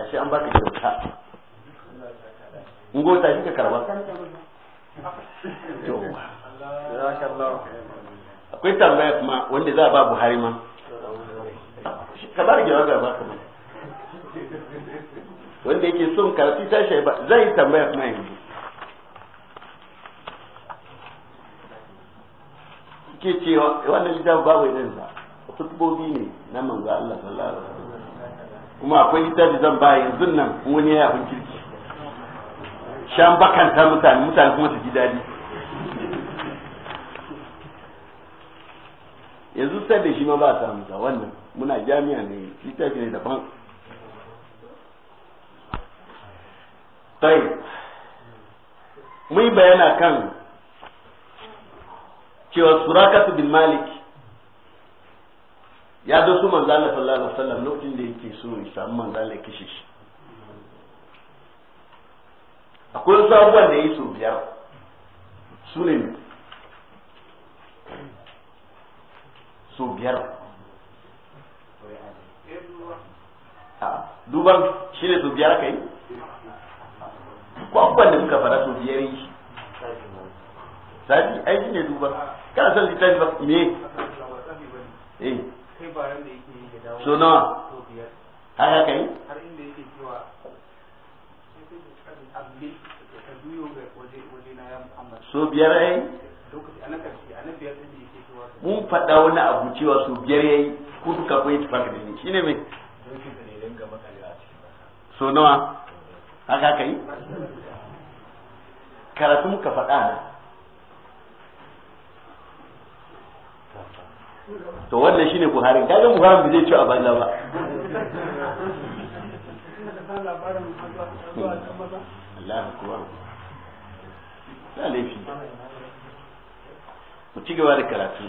ashe an baka kyauta in gota shi ka karba akwai tambaya kuma wanda za a ba buhari ma ka ba da jawabi ba ka wanda yake son karfi tashi ba zai tambaya kuma yanzu ke cewa wannan littafin babu irin sa kutubobi ne na manzo Allah sallallahu alaihi wasallam kuma akwai littafi zan ba yanzu nan wani ya abin kirki shan bakanta mutane mutane kuma su ji daɗi yanzu sai da shi ma ba a samu wannan muna jami'a ne littafi ne daban tai mun bayana kan cewa surakatu bin malik ya zo su manzo Allah sallallahu alaihi wasallam lokacin da yake so ya samu manzo Allah kishi shi akwai wasu abubuwan da yi so biyar su ne so biyar duban shi ne so biyar kai ko abubuwan da suka fara so biyar yi sadi aiki ne duban kana son littafi ba me eh baran da yake yi da so har yi har inda na wani abu cewa so biyar yayi ku duka ku yi tafaka da ni me so nawa haka haka yi karatu muka faɗa na to wannan shine buhari kaga buhari bai zai ci a banza ba Allah akbar la laifi ku ci gaba da karatu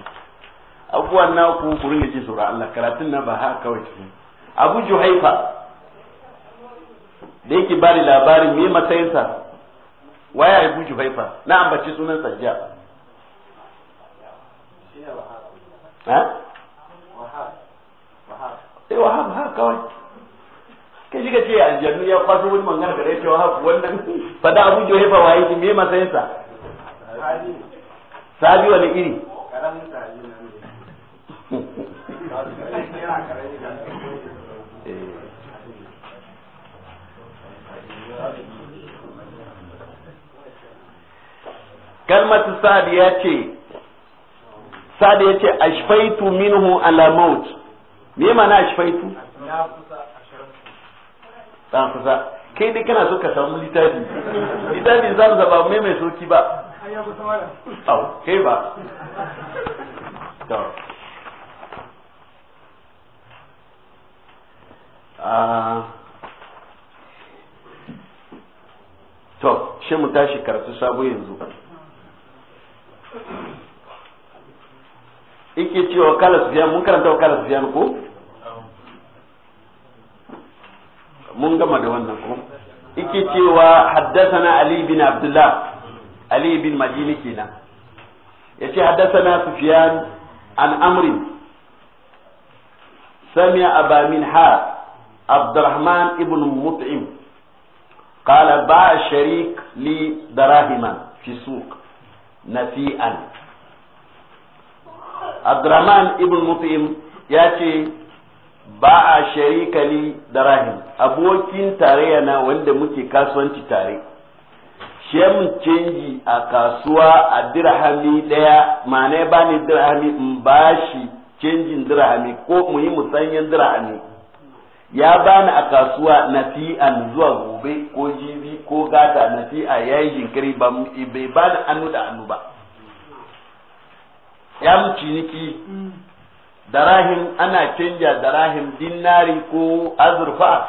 abubuwan na ku ku ringa ji sura Allah karatun na ba haka kawai cikin Abu Juhaifa da yake bani labarin me matsayinsa waya Abu Juhaifa na ambaci sunan sajja ha sai eh, wahab ha kawai kai ce aljannu ya kwaso wani magana da rai wahab wannan fada abu waye shi me sabi wani iri eh. ya ce sada yace ashfaitu minhu ala maut me ma'ana ashfaitu ta kusa kai dai kana so ka samu litafi litafi za mu zaba mai mai soki ba au kai ba to ah. to shi mu tashi karatu sabo yanzu yake wa kala su mun karanta wa kala su ko mun gama da wannan ko yake cewa haddathana ali bin abdullah ali bin madini kenan yace haddathana sufyan an amri سمع أبا منحار عبد الرحمن ابن مطعم قال باع شريك لي دراهما في السوق نسيئا abdurrahman ibn mut'im ya ce ba a sharikali da rahim abokin tarayya na wanda muke kasuwanci tare shem canji a kasuwa a dirhami daya ma'ana ya bani dirhami in shi canjin dirhami ko mu yi musanyen dirhami ya bani a kasuwa na nafi'an zuwa gobe ko jibi ko gata nafi'a yayin jinkiri ba bai bani anu da anu ba ya mu ciniki darahim ana canja darahim dinari ko azurfa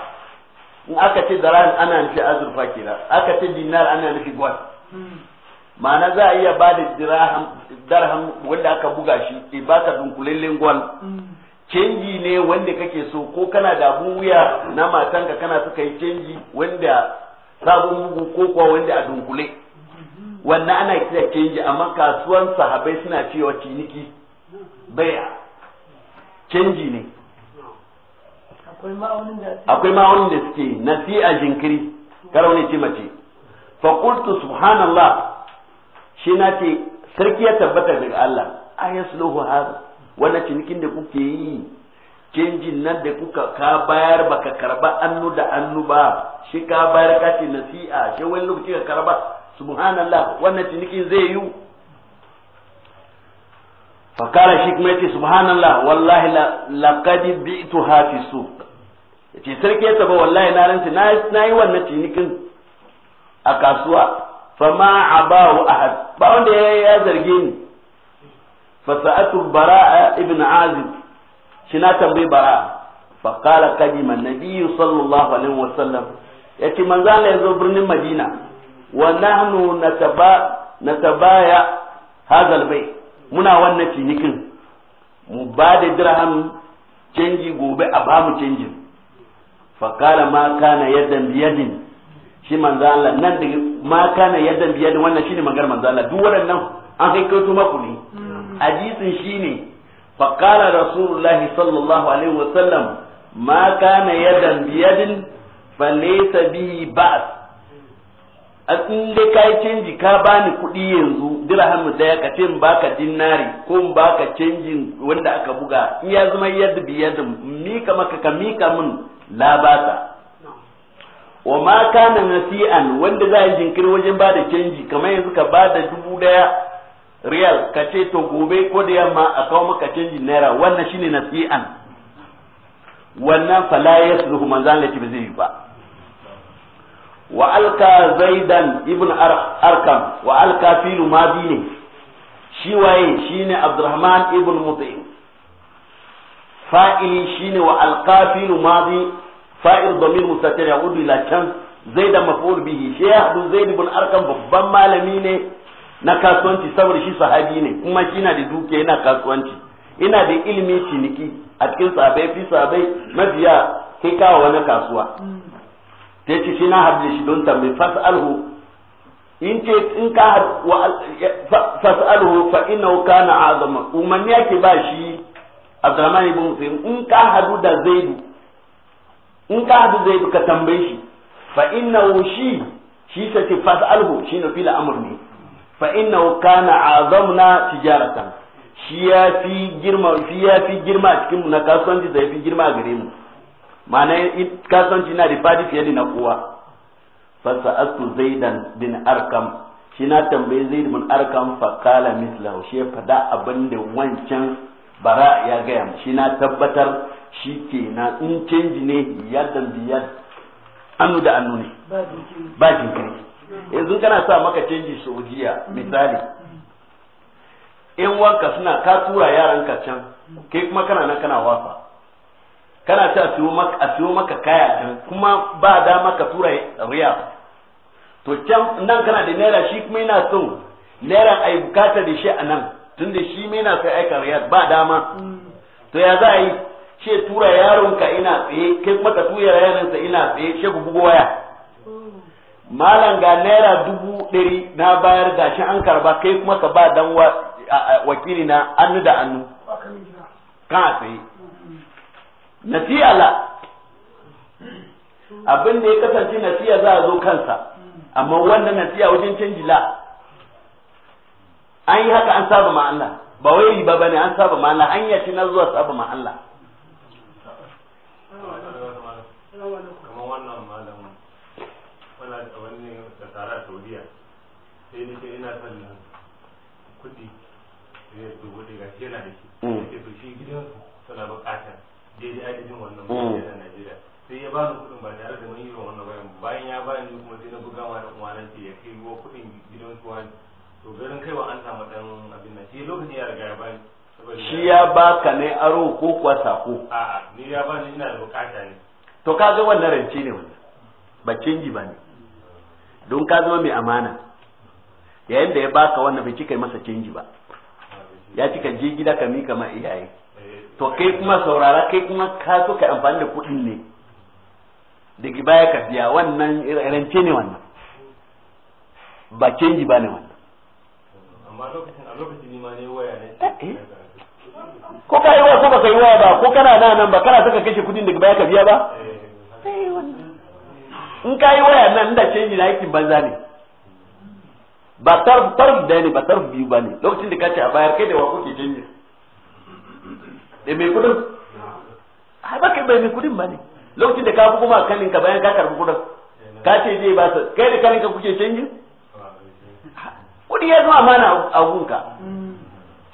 in aka ce darahim ana nufi azurfa kenan aka ce dinar ana nufi gwal ma'ana za a iya ba da darham wanda aka buga shi ba ka dunkulallen gwal canji ne wanda kake so ko kana da abun wuya na matanka kana suka yi canji wanda sabon bugu ko kuwa wanda a dunkule wannan ana kira canji amma kasuwan sahabai suna cewa ciniki baya canji ne akwai ma'aunin da suke nasi'a jinkiri kar ne ce mace fa qultu subhanallah shi na ce sarki ya tabbata daga Allah ayasluhu hada wannan cinikin da kuke yi canjin nan da kuka ka bayar baka karba annu da annu ba shi ka bayar ka ce nasi'a shi wani lokaci ka karba subhanallah wannan cinikin zai yi fakara shi kuma yace subhanallah wallahi laqad bi'tu hafi suq yace sarki yace ba wallahi na ranta na yi wannan cinikin a kasuwa fama abahu ahad ba wanda ya zarge ni fasa'atu bara'a ibn azib shi na tambayi bara'a faqala kadima nabiyyu sallallahu alaihi wasallam yace manzo Allah ya zo birnin madina wa nahnu natabaya hadal bai muna wannan cinikin mu ba da dirham canji gobe a ba mu canjin fakala ma kana yadan biyadin shi manzo Allah nan da ma kana yadan biyadin wannan shine maganar manzo Allah duk waɗannan an kai kai tuma ku ne hmm. hadisin shine fakala rasulullahi sallallahu alaihi wasallam ma kana yadan biyadin falaysa bi ba's a inda ka yi canji ka bani kuɗi yanzu dirham daya ka ce baka dinari ko baka canjin wanda aka buga in ya zama yadda biyadda mika maka ka mika min labata wa ma kana nasi'an wanda za a yi jinkiri wajen ba da canji kamar yanzu ka ba da dubu daya riyal ka ce to gobe ko da yamma a kawo maka canjin naira wannan shine nasi'an wannan fala yasluhu manzan bazai zai yi ba wa alka zaidan ibn arkam wa alka filu ne shi waye shine abdurrahman ibn mut'im fa'il shine wa alka filu madi fa'il damir mustatir ya udu ila can zaidan bihi shi ya hadu ibn arkam babban malami ne na kasuwanci saboda shi sahabi ne kuma shi na da dukiya yana kasuwanci ina da ilimi ciniki a cikin sahabai fi sahabai mabiya kai kawo wani kasuwa mm. ta ce shi na haɗe shi don tambayi fas'alhu in ce in ka fas'alhu fa innahu kana azama umanni yake ba shi Abdurrahman ibn Husayn in ka hadu da Zaidu in ka hadu Zaidu ka tambaye shi fa innahu shi shi ta ce fas'alhu shi na fila amurni ne fa innahu kana azamna tijaratan shi ya fi girma shi ya fi girma cikin mu na kasuwanci da ya fi girma gare mu ma'ana kasance na da fadi fiye da na kowa fasa astu zaidan bin arkam shi na tambayi zaidan bin arkam fa kala shi ya fada abin da wancan bara ya gaya shi na tabbatar shi na. in canji ne yadan biyar annu da annu ne ba jinkiri yanzu kana sa maka canji jiya. misali in wanka suna ka tura yaranka can kai kuma kana na kana wafa kana ta siyo maka a siyo maka kaya can kuma ba dama ka tura riya to can nan kana da naira shi kuma yana so naira ai bukata da shi a nan tunda shi mai na sai aika riyad ba dama to ya za a yi ce tura yaronka ina tsaye kai maka tura yaronsa ina tsaye shi bugu waya malam ga naira dubu ɗari na bayar da shi an karba kai kuma ka ba dan wakili na annu da annu kan tsaye nasiya la abin da ya kasance nasiya za a zo kansa amma wannan nasiya wajen canji la an yi haka an saba ma Allah ba wai riba ne an saba ma Allah an yace na zuwa saba ma Allah kamar wannan da tsara sai ni kuɗi sai ya dubu daga yana da shi sai mm. to shi gidan suna buƙatar je ya ji jin wannan hmm. bayan Najeriya sai ya bani kuɗin ba tare da mun yi wannan bayan bayan ya bani kuma sai na buga ma da kuma nan ya kai ruwa kuɗin gidan su wani to garin kaiwa an samu dan abin nan shi lokacin ya riga ya bani shi ya baka ne aro ko kuwa sako a'a ni ya bani ina da bukata ne to ka ga wannan rance ne wannan ba canji ba ne don ka zama mai amana yayin da ya baka wannan bai cika masa canji ba ya cika je gida ka mika ma iyaye to kai kuma saurara kai kuma ka so ka amfani da kuɗin ne daga baya ka biya wannan rance ne wannan ba canji ba ne wannan amma lokacin a lokacin ma ne waya ne eh, eh. ko ka yi waya ko ba ka yi waya ba ko kana nan nan ba kana saka kashe kuɗin daga baya ka biya ba eh. in ka yi waya nan da canji na aikin banza ne ba tarf tarf da ne ba tarf biyu ba ne lokacin da ka ce a bayar kai da wa kuke canji da mai kudin ai baka bai mai kudin ba ne lokacin da ka fi kuma kanin ka bayan ka karbi kudin ka ce zai ba su kai da kanin ka kuke canji kudi ya zama amana a gunka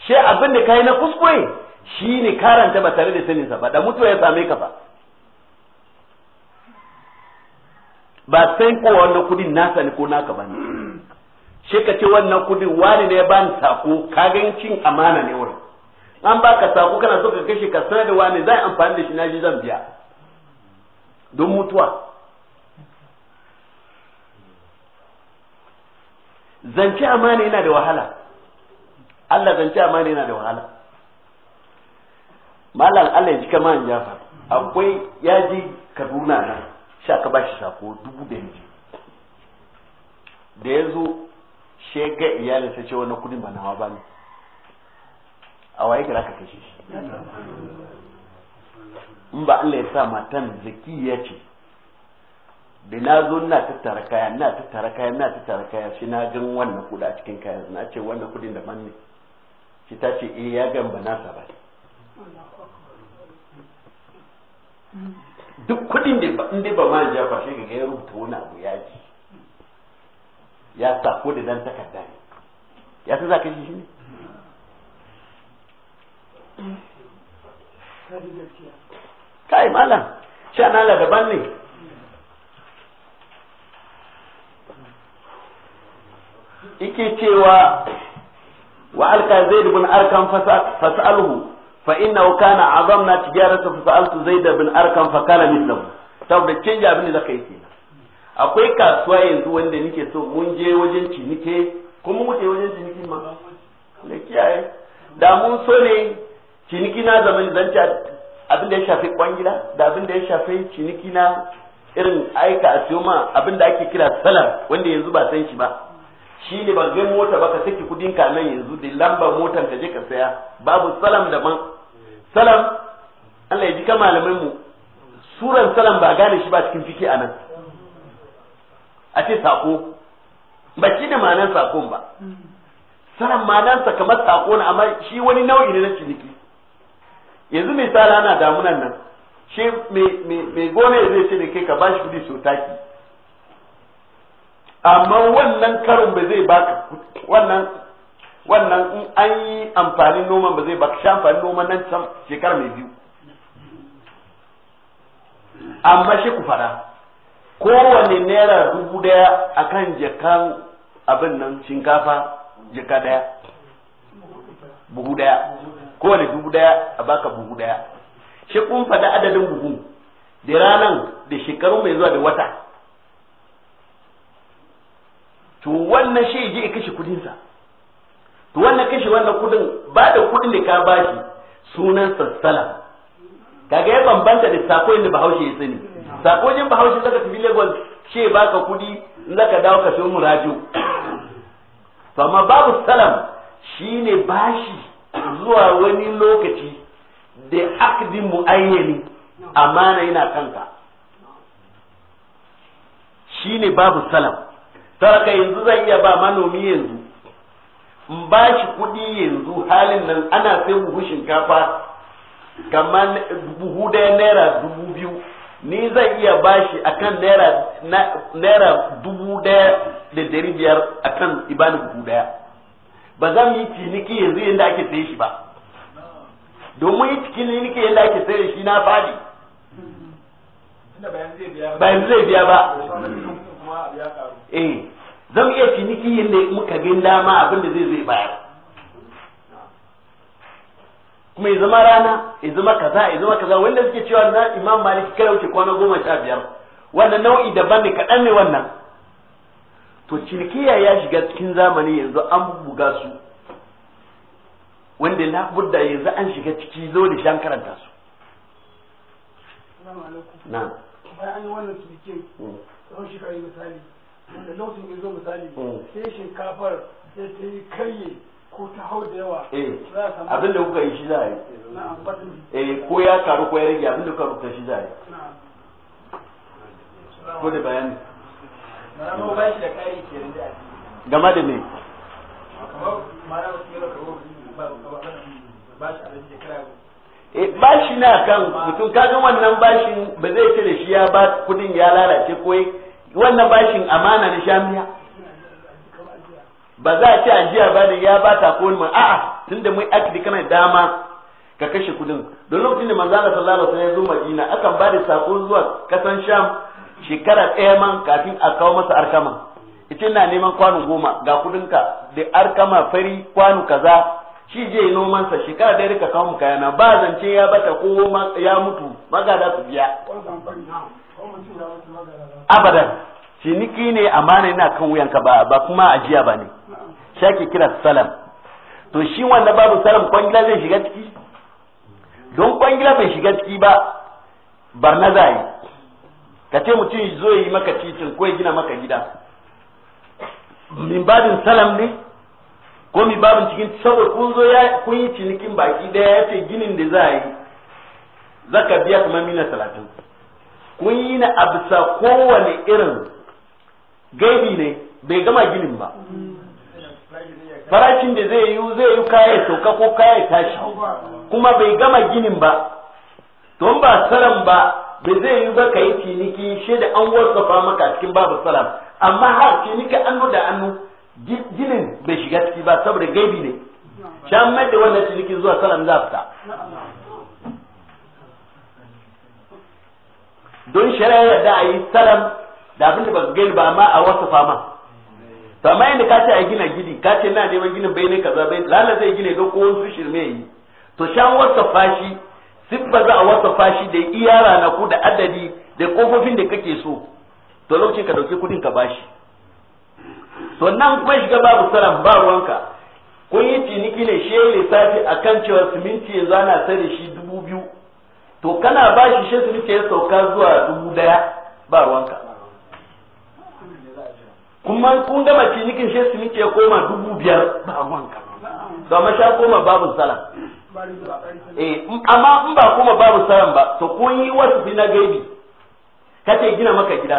shi abin da kai na kuskure shi ne karanta ba tare da sanin ba da mutuwa ya same ka ba ba sai ko wannan kudin nasa ne ko naka ba ne shi ka ce wannan kudin wani ne ya bani sako k'a cin amana ne wurin an ba ka sako kana so ka kashe ka sanar da wani zai amfani da shi na shi zan biya don mutuwa zance amana yana da wahala Allah zance amana yana da wahala malam Allah ya ji kama an jafa akwai ya ji kaduna na sha ka bashi sako dubu da yanzu da ya zo shega iyalinsa ce wani kudin ba hawa ba ne a waye ka zaka kashe shi in ba Allah ya sa matan zaki ya ce da na zo na tattara kaya na tattara kaya na tattara kaya shi na gan wannan kuɗa a cikin kaya na ce wannan kuɗin da manne shi ta ce eh ya gan ba sa ba duk kuɗin da ba inda ba ma ya shi ga ya rubuta wani abu ya ji ya sa ko da dan takarda ne ya ta za ka shi ne kai malam sha Allah daban ne ike cewa wa alka zaid bin arkan fasalhu fa innahu kana azamna tijarata fasaltu zaid bin arkan fa kana mithlahu saboda canja abin da kai ke akwai kasuwa yanzu wanda nake so mun je wajen cinike kuma muke wajen cinike ma da kiyaye da mun so ne ciniki na zaman zance abin da ya shafi kwangila da abin da ya shafi ciniki na irin aika a siyo ma abin da ake kira salam wanda yanzu ba san shi ba shi ne ba ga mota ba ka saki kudin ka nan yanzu da lambar motar ka je ka saya babu salam man salam Allah ya ji ka malamin mu suran salam ba gane shi ba cikin fiki a nan a ce sako ba shi ne ma'anar sakon ba salam ma'anarsa kamar sako na amma shi wani nau'i ne na ciniki yanzu misali ana damunan nan shi mai gona zai ce da kai ka shi kudi so taki amma wannan karin ba zai baka wannan wannan in an yi amfanin noman ba zai baka shi amfanin noman nan can shekara mai biyu amma shi ku fara kowane naira dubu daya akan jakan abin nan shinkafa jaka daya buhu daya kowane dubu daya a baka buhu daya shi kun faɗi adadin buhu da ranan da shekaru mai zuwa da wata to wannan shi je kashe kudinsa to wannan kashe wannan kudin ba da kudin da ka bashi sunan sassala kaga ya bambanta da sako inda bahaushe ya sani sako jin bahaushe zaka tafi lagos ce baka kudi in zaka dawo ka sayo murajo to amma babu salam shine bashi zuwa wani lokaci da akdin mu'ayyani amana yana kanka shine babu salam taraka yanzu zan iya ba manomi yanzu in ba shi kudi yanzu halin nan ana sai buhu shinkafa kamar buhu daya naira dubu biyu ni zan iya bashi akan naira naira dubu daya da dari biyar akan ibani buhu daya ba za mu yi ciniki yanzu yadda ake saye shi ba domin yi ciniki yadda ake saye shi na fadi ba yanzu zai biya ba eh zan iya ciniki yadda muka gani dama abin da zai zai bayar kuma ya zama rana ya zama kaza ya zama kaza wanda suke cewa na imam maliki kada wuce kwana goma sha biyar wannan nau'i daban ne kaɗan ne wannan to cinikiya ya shiga cikin zamani yanzu an buga su wanda na labudda yanzu an shiga ciki zo da shan karanta su na bayan an yi wannan cinikin tsawon mm. shekaru misali da lokacin ya zo misali mm. sai shinkafar da ta yi karye ko ta hau da yawa eh, abin da kuka yi shi za a yi eh ko ya karu ko ya rage abin da kuka rubuta shi za a yi ko da bayani game da ne eh, bashi na kan mutum kaga wannan bashin ba zai ce da shi ya ba kudin ya lalace ko wannan bashin amana na shamiya ba za a ce ajiya ba da ya ba ta ko wani a'a tunda mai akidi kana dama ka kashe kudin don lokacin da manzana sallallahu alaihi wasallam ya zo Madina akan ba da sako zuwa kasan Sham shekara ɗaya man kafin a kawo masa arkama ita na neman kwano goma ga kudinka da arkama fari kwano kaza shi je nomansa shekara ɗaya rika kawo yana ba zance ya bata ko ya mutu da su biya abadan ciniki ne amana yana kan wuyanka ba ba kuma ajiya ba ne shake kira salam to shi wanda babu salam kwangila zai shiga ciki don kwangila bai shiga ciki ba barna za ka ce mutum zo yi maka titin ko ya gina maka gida min babin salam ne ko min cikin saboda kun zo ya kun yi cinikin baki daya ya ce ginin da za a yi zaka biya kamar mina talatin kun yi na a bisa kowane irin gaibi ne bai gama ginin ba farashin da zai yi zai yi kaya sauka ko kaya tashi kuma bai gama ginin ba don ba saran ba bai zai yi ba ka yi ciniki shi da an wasafa maka cikin babu salam amma har ciniki annu da annu ginin bai shiga ciki ba saboda gaibi ne shi an mai da wannan ciniki zuwa salam za fita don shari'a da a yi salam da abin da ba gani ba amma a wasafa ma to amma yadda ka ce a gina gini ka ce na neman ginin bai ne kaza bai lalata zai gina ga ko shirme yi to shan wasafa shi siffa za a wasafa shi da iya ranaku da adadi da kofofin da kake so to lokacin ka dauki kudin ka bashi to nan kuma shiga babu salam ba ruwanka kun yi ciniki ne shi lissafi akan cewa siminti yanzu ana tare da shi dubu biyu to kana bashi shi siminti ya sauka zuwa dubu daya ba ruwanka kuma kun gama cinikin shi siminti ya koma dubu biyar ba ruwanka domin sha koma babu salam eh amma in ba kuma babu saran ba to kun yi wasu bi na gaibi ka ce gina maka gida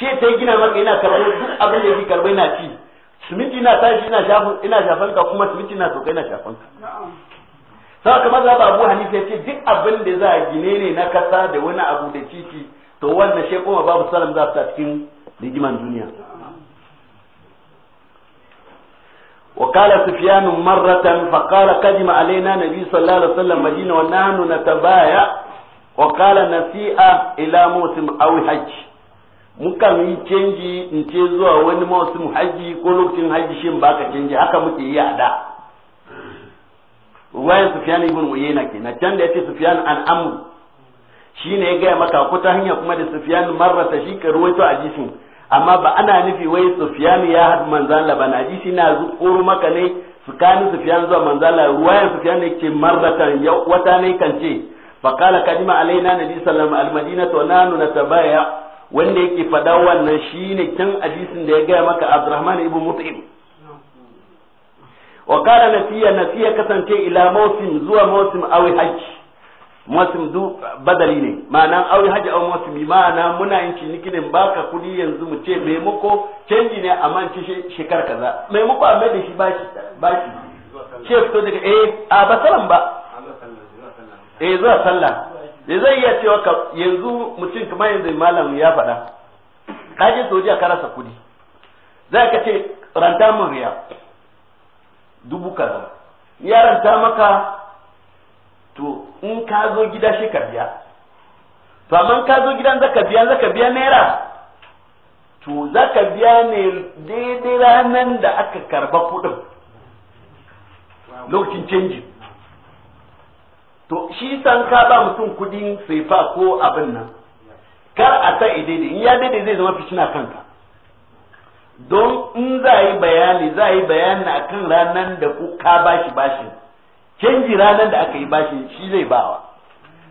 she ta gina maka ina karɓo duk abin da yake karɓo ina ci siminti na tashi ina shafan ina shafan ka kuma siminti na soka ina shafan ka sai za ba Abu Hanifa ya ce duk abin da za a gine ne na kasa da wani abu da titi to wannan she kuma babu salam za ta cikin rigiman duniya وقال سفيان مرة فقال قدم علينا نبي صلى الله عليه وسلم مدينة ونحن نتبايع وقال نسيئة إلى موسم أو حج mukan yi canji in ce zuwa wani mawsim haji ko lokacin haji shin baka canji haka muke yi a da wayan sufyan ibn uyayna ke na can da yace sufyan an shine ya gaya maka kuta hanya kuma da sufyan marrata shi ka ruwaito a amma ba ana nufi wai Sufyan ya haɗu manzala ba na ji shi na zuƙuru maka ne tsakanin Sufyan zuwa manzan Allah ruwayan ne ke marratan wata ne kan ce fa kala kadima alaina nabi sallallahu alaihi madina to nanu natabaya wanda yake fada wannan shine kan hadisin da ya gaya maka Abdurrahman ibn Mut'im wa qala nasiya nasiya kasance ila mawsim zuwa mawsim awi hajji musim du badali ne ma'ana aure haji a musimi ma'ana muna yin ciniki ne baka kudi yanzu mu ce maimako canji ne a manci shekar kaza maimako a da shi bashi bashi shi fito daga eh a ba salam ba eh zuwa sallah da zai iya cewa ka yanzu mutum kamar yanzu malam ya faɗa ka je soja ka rasa kudi za ka ce ranta mun riya dubu kaza ya ranta maka to in ka zo gida shi ka biya to amma ka zo gidan zaka biya zaka biya naira to zaka biya ne daidai ranar da aka karba kudin lokacin canji to shi san ka ba mutum kudin saifa ko abin nan kar a sa daidai in ya daidai zai zama fitina kanka don in za a yi bayani za a yi bayani akan ranar da ku ka bashi bashin canji ranar da aka yi bashi shi zai bawa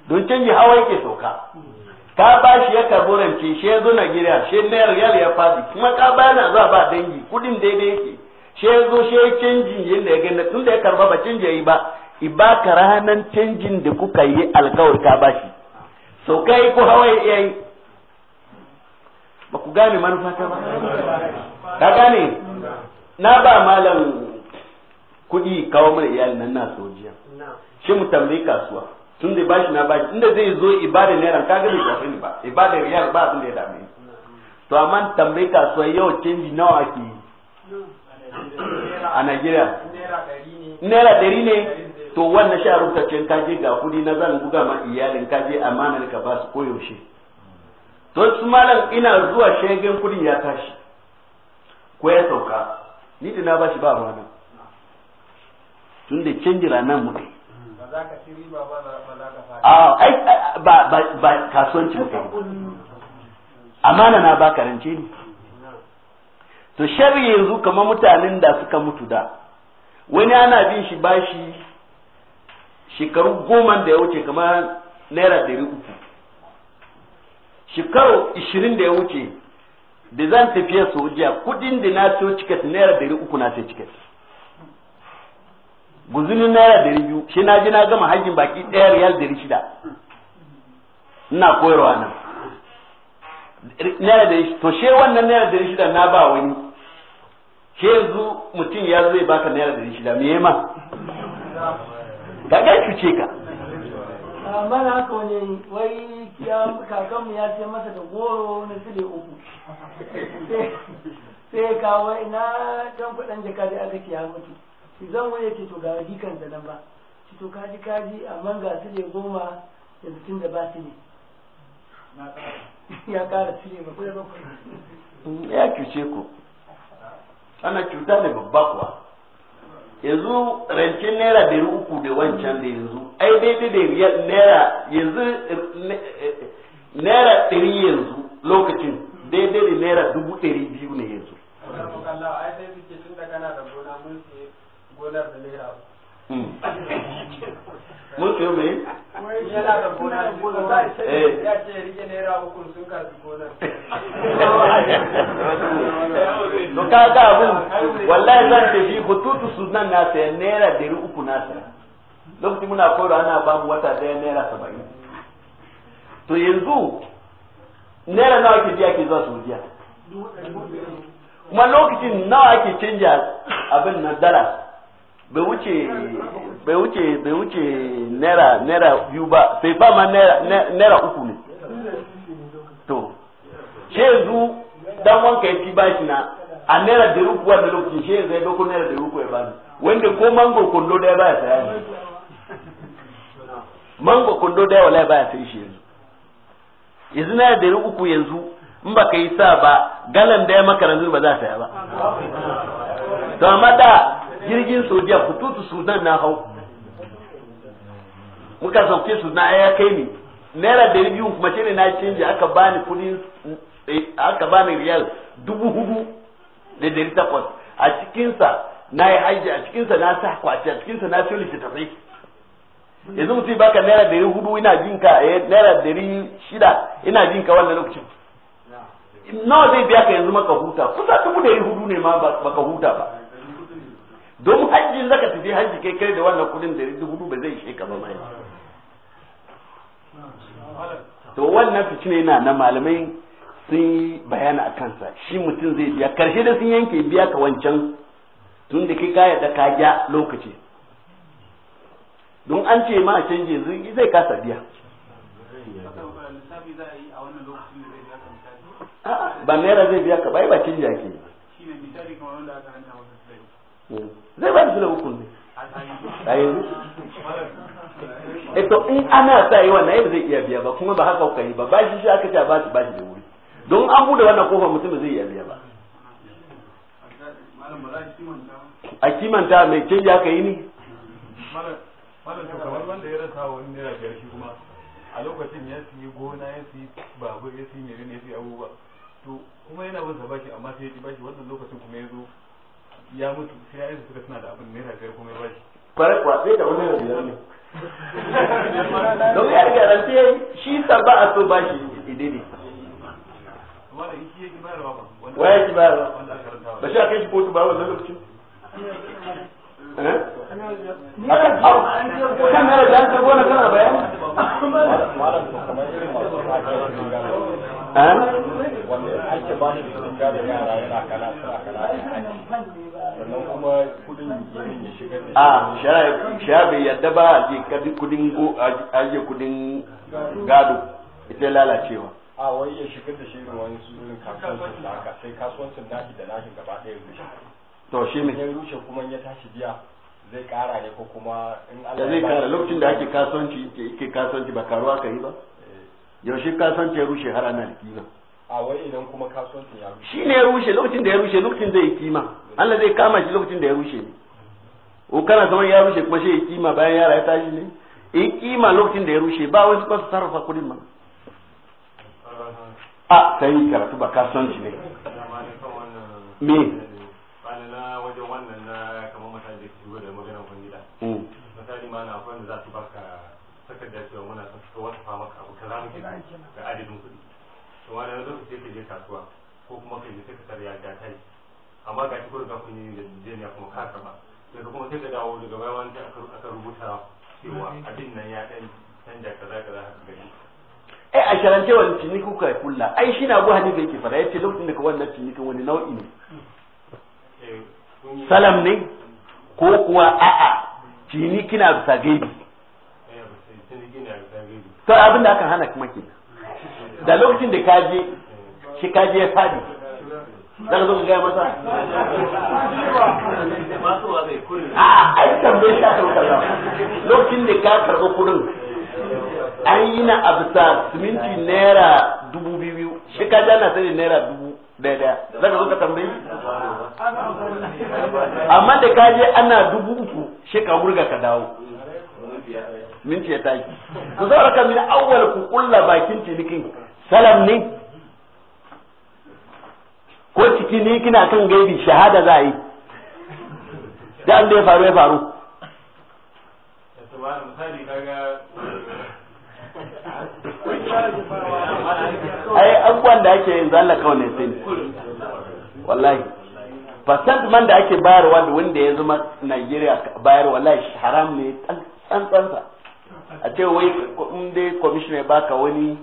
don canji hawa yake sauka ka bashi ya karbo rance shi ya zo Najeriya shi naira riyal ya fadi kuma ka bayana za ba dangi kudin daidai yake shi ya zo shi ya canji yadda ya gani tun da ya karba ba canji ya yi ba ibaka ranar canjin da kuka yi alkawar ka bashi sauka yi ko hawa ya yi ba ku gane manufa ta ba ka gane na ba malam kuɗi kawo mana iyali nan na sojiya shi mu tambayi kasuwa tun da bashi na bashi inda zai zo ibada naira ka ga ba shafi ba ibada riyal ba abin da ya dame to amma tambayi kasuwa yau canji nawa ake yi a Najeriya naira ɗari ne to wannan sha rubuta ce ka je ga kuɗi na zan buga ma iyalin ka je amanar ka ba su koyaushe to su malam ina zuwa shagen kuɗin ya tashi ko ya sauka ni da na bashi ba ruwa tun da canji ranar muka yi ba kasuwanci muka yi amana na ba karance ne to sharri yanzu kamar mutanen da suka mutu da wani ana bin shi bashi shekaru goma da ya wuce kamar naira dari uku shekaru ishirin da ya wuce da zan tafiya sojiya kudin da na ciyo ciket naira dari uku na sai ciket guzurin naira dari biyu shi na ji na gama hajjin baki ɗaya riyal dari shida ina koyarwa nan naira dari to she wannan naira dari shida na ba wani she yanzu mutum ya zai baka naira dari shida me ma ka shi ce ka mana haka wani wai kakanmu ya ce masa da goro na sile uku sai kawai na don kuɗin jaka da aka ce mutu zan wani ce to ga dikan da nan ba ci to kaji kaji amma ga su ne goma da mutum da ba su ne ya kara su ne ba kuma ba mm, ya cuce ku ana cuta ne babba kuwa yanzu rancen naira dari uku da wancan da yanzu ai daidai da riyal naira yanzu eh, eh, naira ɗari yanzu lokacin daidai da naira dubu ɗari biyu ne yanzu. gonar mm. eh. da lera mun sayo mai yana da ya ce rike sun ka su to ka ga abin wallahi zan ce shi hututu sunan na saya naira dari uku na saya lokacin muna koyar ana ba mu wata daya naira saba'in to yanzu naira nawa ke biya ke zuwa saudiya kuma lokacin nawa ake canja abin na dala bai wuce bai wuce bai wuce naira naira biyu ba sai ba ma naira naira uku ne to she yanzu dan wanka ya ba shi na a naira da uku wanda lokaci she yanzu ya doko naira da uku ya bani wanda ko mango kondo daya baya saya ne mango kondo daya wallahi baya sai shi yanzu yanzu naira da uku yanzu in baka yi sa ba galan daya maka yanzu ba za ta saya ba to amma da jirgin saudiya hututu sudan na hau muka sauke su na ya kai ni naira dari biyu kuma ce ne na canji aka bani kudi eh, aka bani riyal dubu hudu da dari takwas a cikinsa na yi haji a cikinsa na sa kwace a cikinsa na siyo tafai yanzu mutum baka naira dari hudu ina jin jinka eh, naira dari shida ina jin ka wannan lokacin nawa zai biya ka yanzu maka huta kusa dubu dari hudu ne ma baka huta ba don hajji zaka tafi hajji kai kai da wannan kudin da dubu ba zai ishe ka ba mai to wannan fitina yana na malamai sun yi bayana a kansa shi mutum zai biya karshe da sun yanke biya ka wancan tun da kai kaya da ka gya lokaci don an ce ma a canje zai kasa biya ba naira zai biya ka bai ba canja ke shi ne misali kamar wanda aka hanta masa zai ba su da hukun ne a yanzu eto eh, in ana sa yi wannan yadda zai iya biya ba kuma ba haka kuka yi ba bashi shi aka ce ba shi ba shi da wuri don an bude wannan kofar mutum zai iya biya ba a kimanta mai canji aka yi ne a lokacin ya siyi gona ya siyi babur ya siyi mene ne ya siyi abubuwa to kuma yana bin sa bashi amma sai ya ci bashi wannan lokacin kuma ya zo ya mutu sai ya aiki suka suna da abin naira biyar kuma ya ba shi kuwa sai da wani naira biyar ne don ya riga ran sai shi sa ba a so ba shi idini waya ki ba ba shi a kai shi kotu ba wannan lokacin eh? kan naira biyar ta gona kana bayani eh? Eh? wanda ake bani da sun gada yara yana kana suna kana Ah, a sha bai yadda ba a je kudin aje kudin gado ita lalacewa a wai ya shigar da shi ne wani sunan kasuwancin naka sai kasuwancin da gaba ɗaya rushe to shi ya rushe kuma ya tashi biya zai kara ne ko kuma in Allah zai kara lokacin da ake kasuwanci yake kasuwanci ba karuwa ka ba eh. yaushe kasuwanci ya rushe har ana a wani idan kuma kasuwancin ya rushe shi ne ya rushe lokacin da ya rushe lokacin zai yi kima Allah zai kama shi lokacin da ya rushe ne o kana zaman ya rushe kuma shi ya kima bayan yara ya tashi ne in eh, kima lokacin da ya rushe ba wasu kuma su sarrafa kudin ma a ah. sai ah, karatu ba kasuwanci ne me to wani lokaci sai ka je kasuwa ko kuma ka je sai ka tarya da tai amma ga shi ko ga kun yi da jeniya kuma ka karba daga kuma sai ka dawo daga baya wani aka rubuta cewa mm-hmm. abin nan ya dan canja kaza kaza haka gari ai eh, a sharance wani ciniki kuka yi kulla ai shi na buha ne da yake fara yace lokacin da ka wannan cinikin wani nau'i ne eh, salam ne mm. ko kuwa a'a eh, ciniki na bisa gaibi to abin da aka hana kuma kenan da lokacin da ka je shi ka je ya fadi za ka zo ka gaya masa a ai tambaye shi aka kaza lokacin da ka karɓi kudin an yi na abisa siminti naira dubu biyu shi ka ana sani naira dubu daya daya za ka zo ka tambayi amma da ka je ana dubu uku shi ka wurga ka dawo minti ya taki ku zaura ka min awwal ku kulla bakin cinikin salam ne ko ciki ne kina kan gaibi shahada za a yi da an da ya faru ya faru ai abubuwan da ake yin zalla kawai ne sai wallahi fasad man da ake bayarwa da wanda ya zama nigeria bayar wallahi haram ne tsantsansa a ce wai in dai commissioner baka wani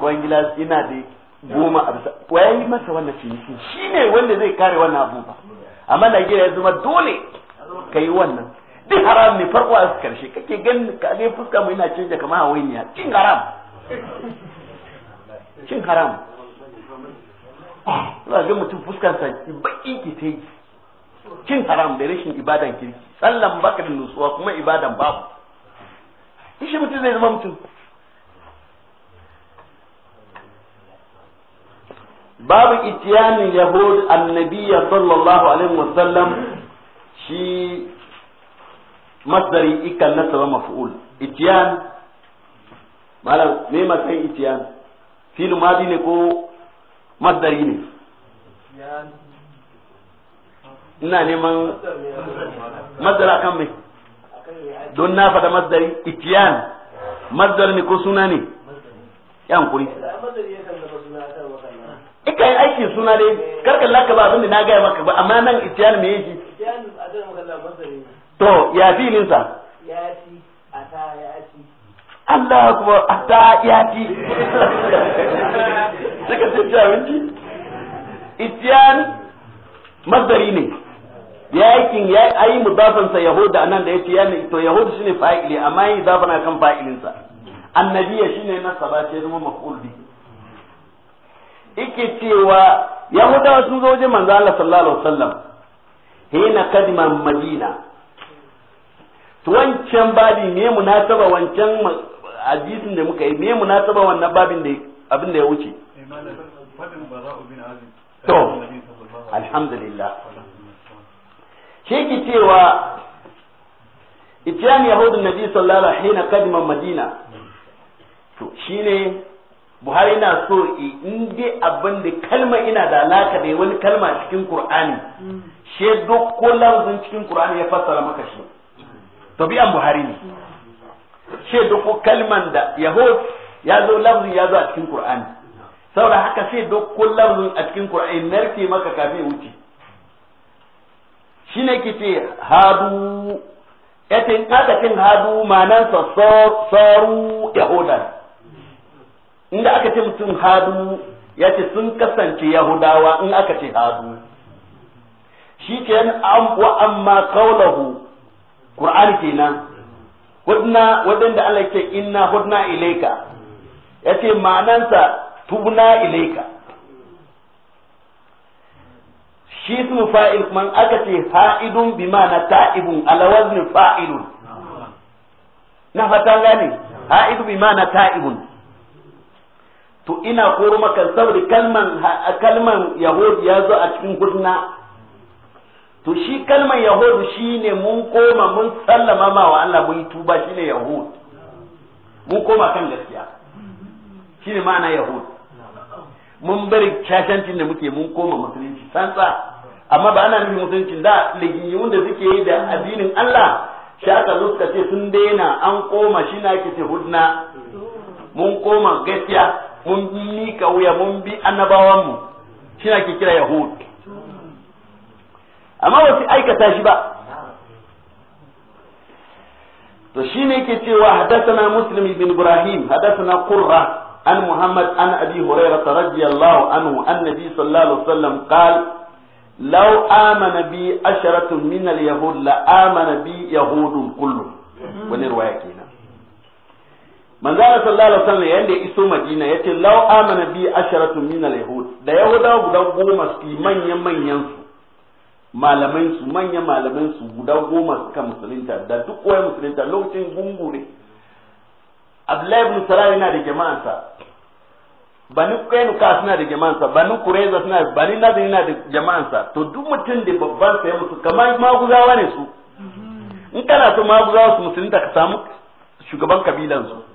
wayan gilas ina da goma a bisa wayan yi masa wannan ciniki shi ne wanda zai kare wannan abu ba amma Najeriya ya zama dole ka yi wannan duk haram ne farko a karshe kake gan ka ga fuska mu ina canja kamar hawainiya cin haram cin haram za ga mutum fuskansa sa baki ki ta yi cin haram da rashin ibadan kirki sallan baka nutsuwa kuma ibadan babu shi mutum zai zama mutum babu itiyanin yahud annabiya sallallahu alaihi wasallam shi masdari ikan nasaba maf'ul itiyan malam me matsayin itiyan fil madi ne ko masdari ne ina neman masdara kan me don na fada masdari itiyan masdar ne ko suna ne yan kuri kai aiki suna dai karkar laka ba abinda na gaya maka ba amma nan itiyan me yake to ya fi sa. Allah kuma ata ya fi suka ce ci itiyan masdari ne ya yakin ya ayi sa yahuda nan da yace ya to yahuda shine fa'ili amma yi zafana kan fa'ilinsa annabi shine na sabace ya zama maf'ul bihi yake cewa yahudawa sun zo wajen manzo Allah sallallahu alaihi wasallam hina kadima madina to wancan babi me taba wancan hadisin da muka yi me taba wannan babin da abin da ya wuce to alhamdulillah shi ke cewa itiyan yahudun nabi sallallahu alaihi wasallam hina kadima madina to shine buhari na so in dai abin da kalma ina da alaka da wani kalma cikin kur'ani she duk ko lafazin cikin kur'ani ya fassara maka shi to bi an buhari ne she duk kalman da yahud ya zo lafazin ya zo a cikin kur'ani saboda haka she duk ko lafazin a cikin Kur'ani narke maka kafin wuce shine kike hadu yace in kada kin hadu manan sa saru yahudan inda aka ce mutum hadu ya ce sun kasance yahudawa in aka ce hadu shi ke an wa amma kaulahu qur'ani kenan hudna waɗanda Allah ke inna hudna ilaika ce ma'anansa tubna ilaika shi ismu fa'il man aka ce ha'idun bi ma'ana ta'ibun ala fa'ilun na fatan gane ha'idu bi ma'ana ta'ibun to ina koro maka saboda kalman kalman yahud ya zo a cikin hudna to shi kalman yahud ne mun koma mun sallama ma wa Allah mun tuba ne yahud mun koma kan gaskiya ne ma'ana yahud mun bari shashancin da muke mun koma musulunci santsa amma ba ana nufin musulunci da ligiyun da suke yi da addinin Allah shi aka zo suka ce sun daina an koma shi na ke ce hudna mun koma gaskiya mun mika wuya mun bi annabawan mu shi na ke kira yahud amma ba su aikata shi ba to shine yake cewa hadathana muslim ibn ibrahim hadathana qurra an muhammad an abi hurairah radiyallahu anhu annabi sallallahu alaihi wasallam qala لو آمن بي أشرة من اليهود لآمن بي يهود كلهم ونروى ونرواية manzara sallallahu alaihi wasallam yanda ya iso madina yace law amana bi asharatu min alyahud yahud da yahudawa guda goma su manyan manyan su malaman su manyan malaman su guda goma su kan musulunta da duk wani musulunta lokacin gungure Abdullahi ibn Salah yana da jama'ansa bani ka suna da jama'ansa bani Kureza suna bani Nadir yana da jama'ansa to duk mutum da babban sa ya mutu kamar maguzawa ne su in kana so maguzawa su musulunta ka samu shugaban kabilan su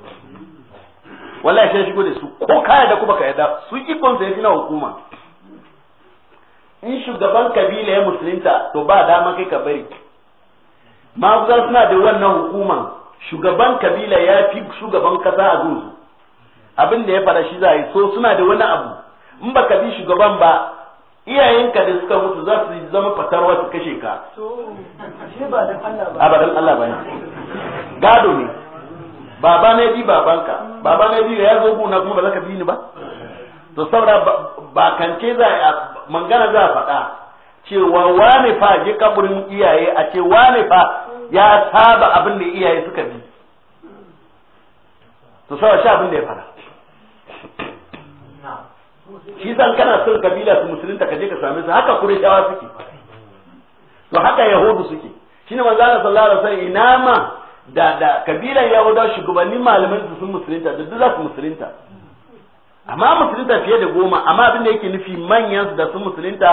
wallahi sai shigo da su ko ka da kuma ka yarda su ikon sai na hukuma in shugaban kabila ya musulunta to ba dama kai ka bari maguza suna da wannan hukuman shugaban kabila ya fi shugaban kasa a gunsu abin da ya fara shi za yi so suna da wani abu in baka bi shugaban ba iyayenka da suka mutu za su zama fatarwa su kashe ka abadan Allah ba ne gado ne baba ne bi babanka baba ne bi ya zo guna kuma ba za ka bi ni ba to saboda ba kanke za a mangana za a faɗa cewa wane fa je kaburin iyaye a ce wane fa ya saba abin da iyaye suka bi to saboda shi abin da ya fara shi san kana son kabila su musulunta ka je ka same su haka kure shawa suke to haka yahudu suke shine manzo Allah sallallahu alaihi wasallam ina ma da da kabilan yahuda shugabannin malaman su sun musulunta da duk za su musulunta amma musulunta fiye da goma amma abin da yake nufi manyan su da sun musulunta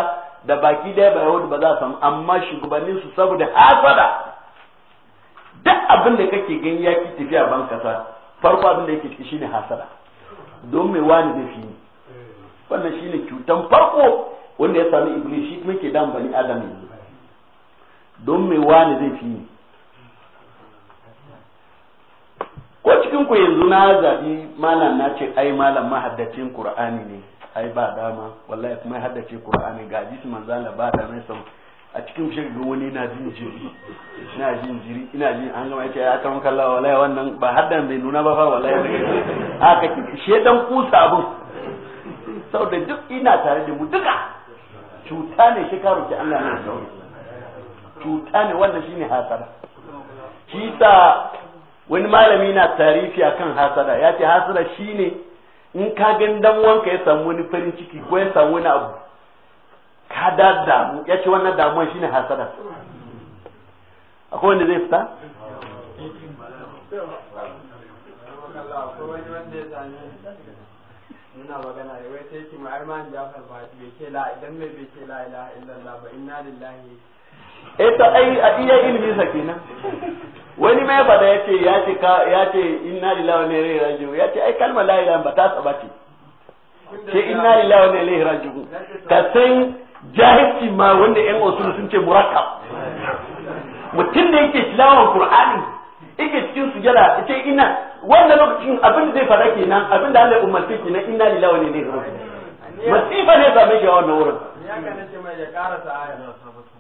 da baki daya ba yahudu ba za su samu amma shugabannin su saboda hasada duk abin da kake gani ya ki tafiya ban kasa farko abin da yake ciki shine hasada don me wani zai fi wannan shine cutan farko wanda ya sami iblis shi muke dan bani adam don me wani zai fi ko cikin ku yanzu na zabi malam na ce ai malam mahaddacin qur'ani ne ai ba dama wallahi kuma haddace qur'ani ga hadisi Allah ba dama sai a cikin shi ga wani na jin jiri ina jin jiri ina jin an gama yace ya kan kallawa wallahi wannan ba haddan bai nuna ba fa wallahi haka ki dan kusa abun saboda duk ina tare da mu duka cuta ne shi karo ki Allah ne cuta ne wannan shine hasara shi ta wani malami na tarifi akan hasada ya ce hasada shine in ka gan dan wanka ya samu wani farin ciki ko ya samu wani abu ka da damu ya ce wannan damuwan shine hasada akwai wanda zai fita muna magana da wai sai ki ma'arman jafar ba bai ce la idan mai bai ce la ilaha illallah ba inna lillahi eh to ai a iya ilmi sa kenan wani mai fada ya ce ya ce inna lillahi wa inna ilaihi raji'un ya ce ai kalmar la ilaha ba ta saba ce ce inna lillahi wa inna ilaihi raji'un ka san jahilci ma wanda yan usul sun ce murakkab mutum da yake tilawar qur'ani yake cikin sujada yace ina wannan lokacin abin da zai fada kenan abin da Allah ya umarce kenan inna lillahi wa inna ilaihi raji'un masifa ne ba mai a wannan wurin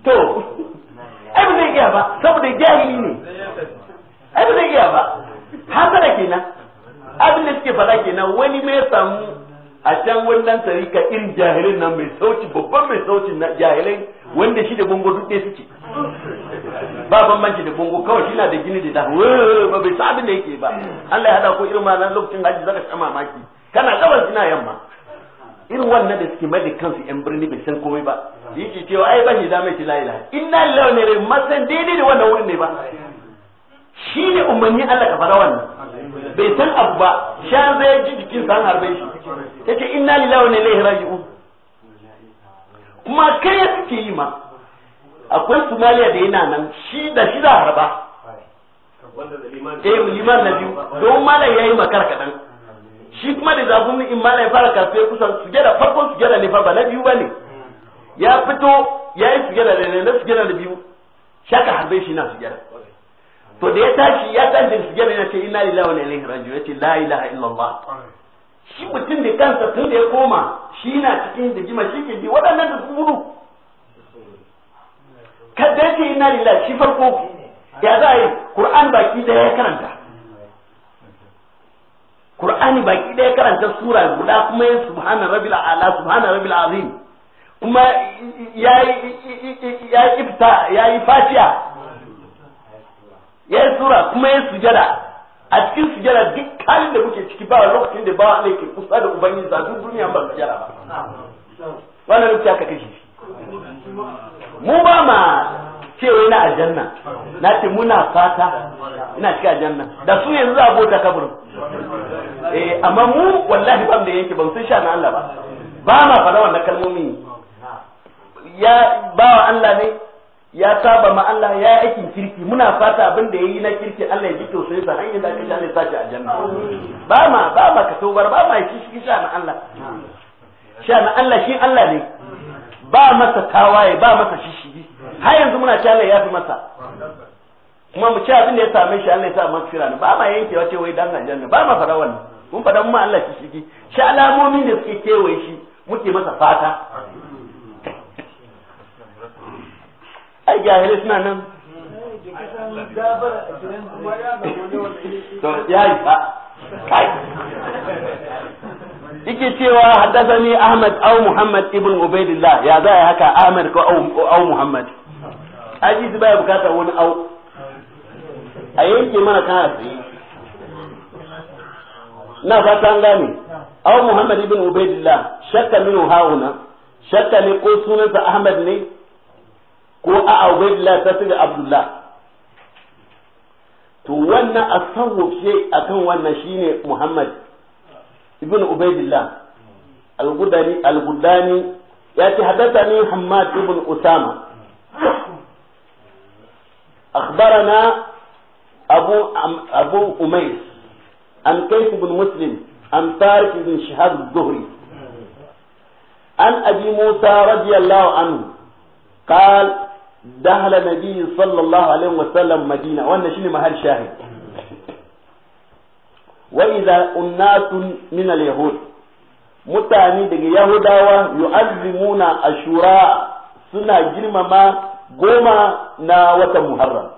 to ai ba zai iya ba saboda jahili ne ai ba zai iya ba hasara kenan abin da suke faɗa kenan wani mai samu a can wannan tarika irin jahilin nan mai sauci babban mai sauci na jahilai wanda shi da bongo duk suke ba bambanci da bongo kawai shi na da gini da dahu ba bai sa abin da yake ba Allah ya hada ko irin ma lokacin haji zaka sha mamaki kana gabas ina yamma irin wannan da suke mai da kansu yan birni bai san komai ba da yake cewa ai bashi da mai la ilaha inna lillahi ne rai masan daidai da wannan wurin ne ba shi ne umarni Allah ka fara wannan bai san abu ba sha zai ji jikin san harbe shi kace inna lillahi inna ilaihi raji'un kuma kai ya suke yi ma akwai Somalia da yana nan shi da shi za harba eh liman na biyu don malam yayi makar kadan shi kuma da zabun in malam ya fara kafe kusan sujada farkon sujada ne fa ba na biyu ba ne ya fito ya yi sujada da ne na sujada da biyu shaka harbe shi na sujada to da ya tashi ya tashi da sujada yana ce inna lillahi wa inna ilaihi raji'un yace la ilaha illallah shi mutum da kansa tun da ya koma shi na cikin rigima shi ke bi waɗannan da su gudu kada yake inna lillahi shi farko ya za a yi qur'an baki da ya karanta qur'ani baki da ya karanta sura guda kuma ya subhana rabbil ala subhana rabbil azim kuma ya yi ifta ya yi fatiya ya yi sura kuma ya sujada a cikin sujada duk kalin da muke ciki ba lokacin da ba wani ke kusa da ubangiji za duk duniya ba sujada ba wannan lokaci aka kashe mu ba ma cewa ina aljanna na ce muna fata ina cikin aljanna da su yanzu za a bota kaburin eh, amma mu wallahi ba mu da yanke ban sun sha na Allah ba ba ma fara wannan kalmomi ya bawa Allah ne ya saba ma Allah ya aikin kirki muna fata abin da yayi na kirki Allah ya ji tausayi sa hanyar da Allah ya sace a janna ba ma ba ma ka tobar ba ma shi shi sha na Allah sha na Allah shi Allah ne ba masa tawaye ba masa shishigi har yanzu muna ci Allah ya fi masa kuma mu ci abin da ya same shi Allah ya sa mafira ne ba ma yankewa wace wai dan janna ba ma fara wannan mun fada mu Allah shishigi sha alamomin da suke kewaye shi muke masa fata ai jahilis na nan to ya yi fa kai yake cewa haddasani Ahmad aw Muhammad ibn Ubaidillah ya za haka Ahmad ko aw Muhammad aji su baya bukata wani aw a yanke mana kana tsaye na fata an gane aw Muhammad ibn Ubaidillah shakka min hauna shakka ne ko sunansa Ahmad ne ko a ubaidillah ta da abdullah to wannan asawuf a kan wannan shine muhammad ibn ubaidillah al-gudani al-gudani ya ce ne hammad ibn usama أخبرنا أبو أبو أميس عن كيف بن مسلم عن طارق بن شهاب الزهري عن أبي موسى رضي الله عنه قال dahala nabi sallallahu alaihi wasallam madina wannan shine mahal shahid wa idza unnatun min al-yahud mutane daga yahudawa yu'azzimuna ashura suna girmama goma na wata muharram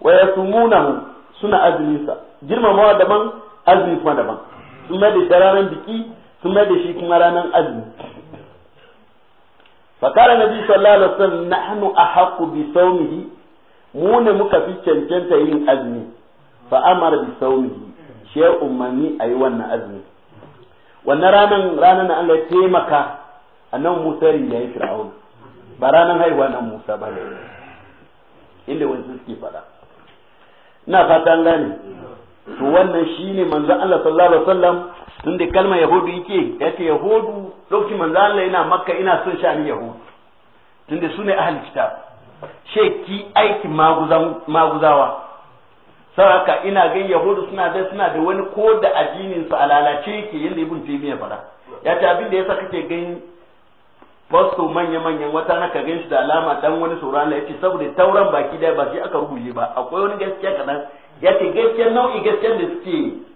wa yasumunahu suna azuminsa girmamawa daban azumi kuma daban sun mai da shi ranar biki sun mai da shi kuma ranar azumi فقال النبي صلى الله عليه وسلم نحن أحق fi مون yin تشنتن تين أزمي فأمر بصومه شيء أمني أيوان أزمي wannan ranan ranan da Allah ya taimaka annan Musa ya yi Fir'aun ba ranan haihuwa nan Musa ba ne inda wani suke faɗa ina fatan gane to wannan shine manzo Allah sallallahu alaihi wasallam tun da kalmar yahudu yake ce yahudu lokacin manzo Allah yana makka ina son ni yahudu tun da su ne ahli kitab ki aiki maguzawa saraka ina gan yahudu suna da suna da wani ko da addinin su alalace yake yanda ibn taymiya fara ya ce abin da yasa kake gan fasto manya manyan wata na ka gan shi da alama dan wani ya ce saboda tauran baki daya ba shi aka rubuce ba akwai wani gaskiya kadan ce gaskiyar nau'i gaskiyar da suke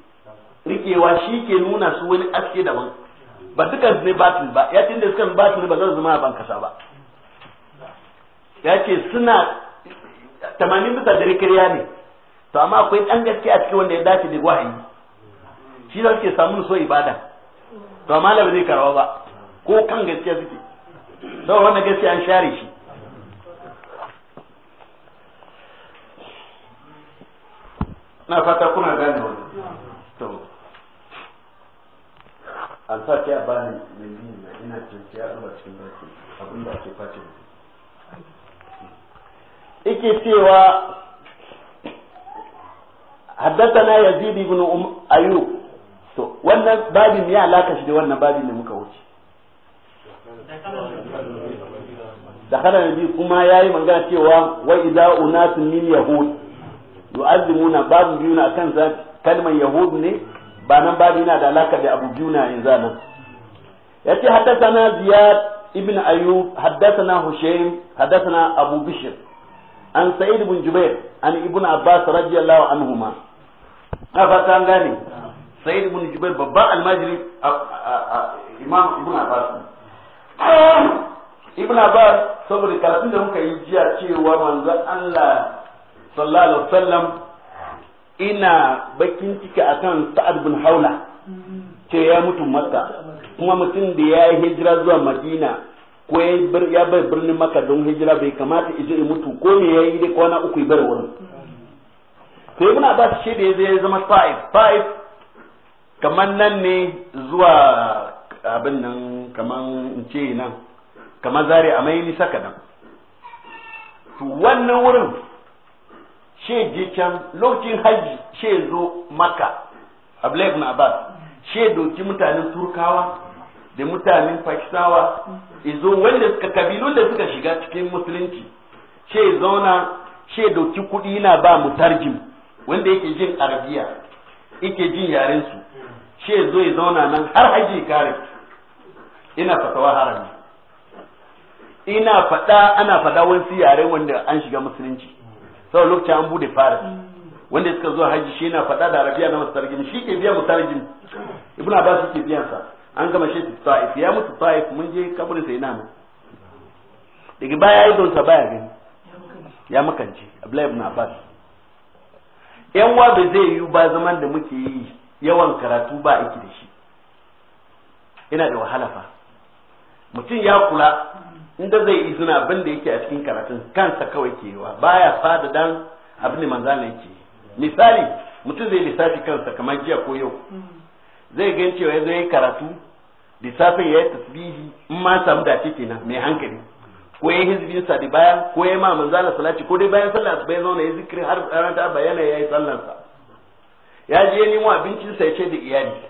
rikewa shi ke nuna su wani aske daban ba dukan ne batin ba ya da suka batin ba zan zama a bankasa ba ya ce suna tamanin bisa dare rikirya ne to amma akwai dan gaske a cikin wanda ya dace da wahayi shi da suke samun so ibada to amma ba zai karawa ba ko kan gaske suke don wannan gaske an share shi na fata kuna gane wani to alfati a bani mai biyu na ina cinci ya ɗaba cikin barki abin da ake kwace ike cewa haddatana yazid ibn um ayyub to wannan babin ya alaka shi da wannan babin ne muka wuce da kana nabi kuma yayi magana cewa wa idza unasun min yahud yu'azzimuna babu biyu na akan kalmar yahud ne ba nan babu yana da alaka da abu juna in zana. nan yace haddathana ziyad ibn ayyub haddathana hushaym haddathana abu bishr an sa'id ibn jubair an ibn abbas radiyallahu anhuma ka fata an gane sa'id ibn jubair babban almajiri imam ibn abbas ibn abbas saboda karatun da muka yi jiya cewa manzon Allah sallallahu alaihi wasallam ina bakin ciki kan sa'ad bin haula ce ya mutu maka kuma mutum da ya yi hijira zuwa madina ko ya bar birnin maka don hijira bai kamata ije ya mutu ko me ya yi dai kwana uku bar wurin sai muna ba shi da ya zama fa'id fa'id kamar nan ne zuwa abin nan kamar in ce nan kamar zare a mai nisa kadan wannan wurin she je can lokacin haji she zo maka abdullahi ibn abbas she doki mutanen turkawa da mutanen pakistawa izo wanda suka kabilun da suka shiga cikin musulunci she zauna she doki kudi na ba mu tarjim wanda yake jin arabiya yake jin yaren su she zo ya zauna nan har haji kare ina fatawa harami ina fada ana fada wani yare wanda an shiga musulunci sau lokacin an bude faris wanda suka zo haji shi na faɗa da arabiya na mutarjim shi ke biya mutarjim ibn abbas yake biyan sa an gama shi ta'if ya mutu ta'if mun je kabarin sa ina nan daga baya idon sa baya gani ya makance abdullahi ibn abbas yan wa bai zai yi ba zaman da muke yi yawan karatu ba aiki da shi ina da wahala fa mutum ya kula inda zai yi suna abin da yake a cikin karatun kansa kawai ke yiwa baya fada dan abin da manzana yake misali mutum zai lissafi kansa kamar jiya ko yau zai gan cewa ya zai karatu lissafin ya yi tasbihi in ma samu ce kenan mai hankali ko ya yi hizbin sa da baya ko ya yi ma manzana salati ko dai bayan sallah bai zauna ya zikiri har ranar ta bayyana ya yi sallansa ya je ya nemo abincin sa ya ce da iyali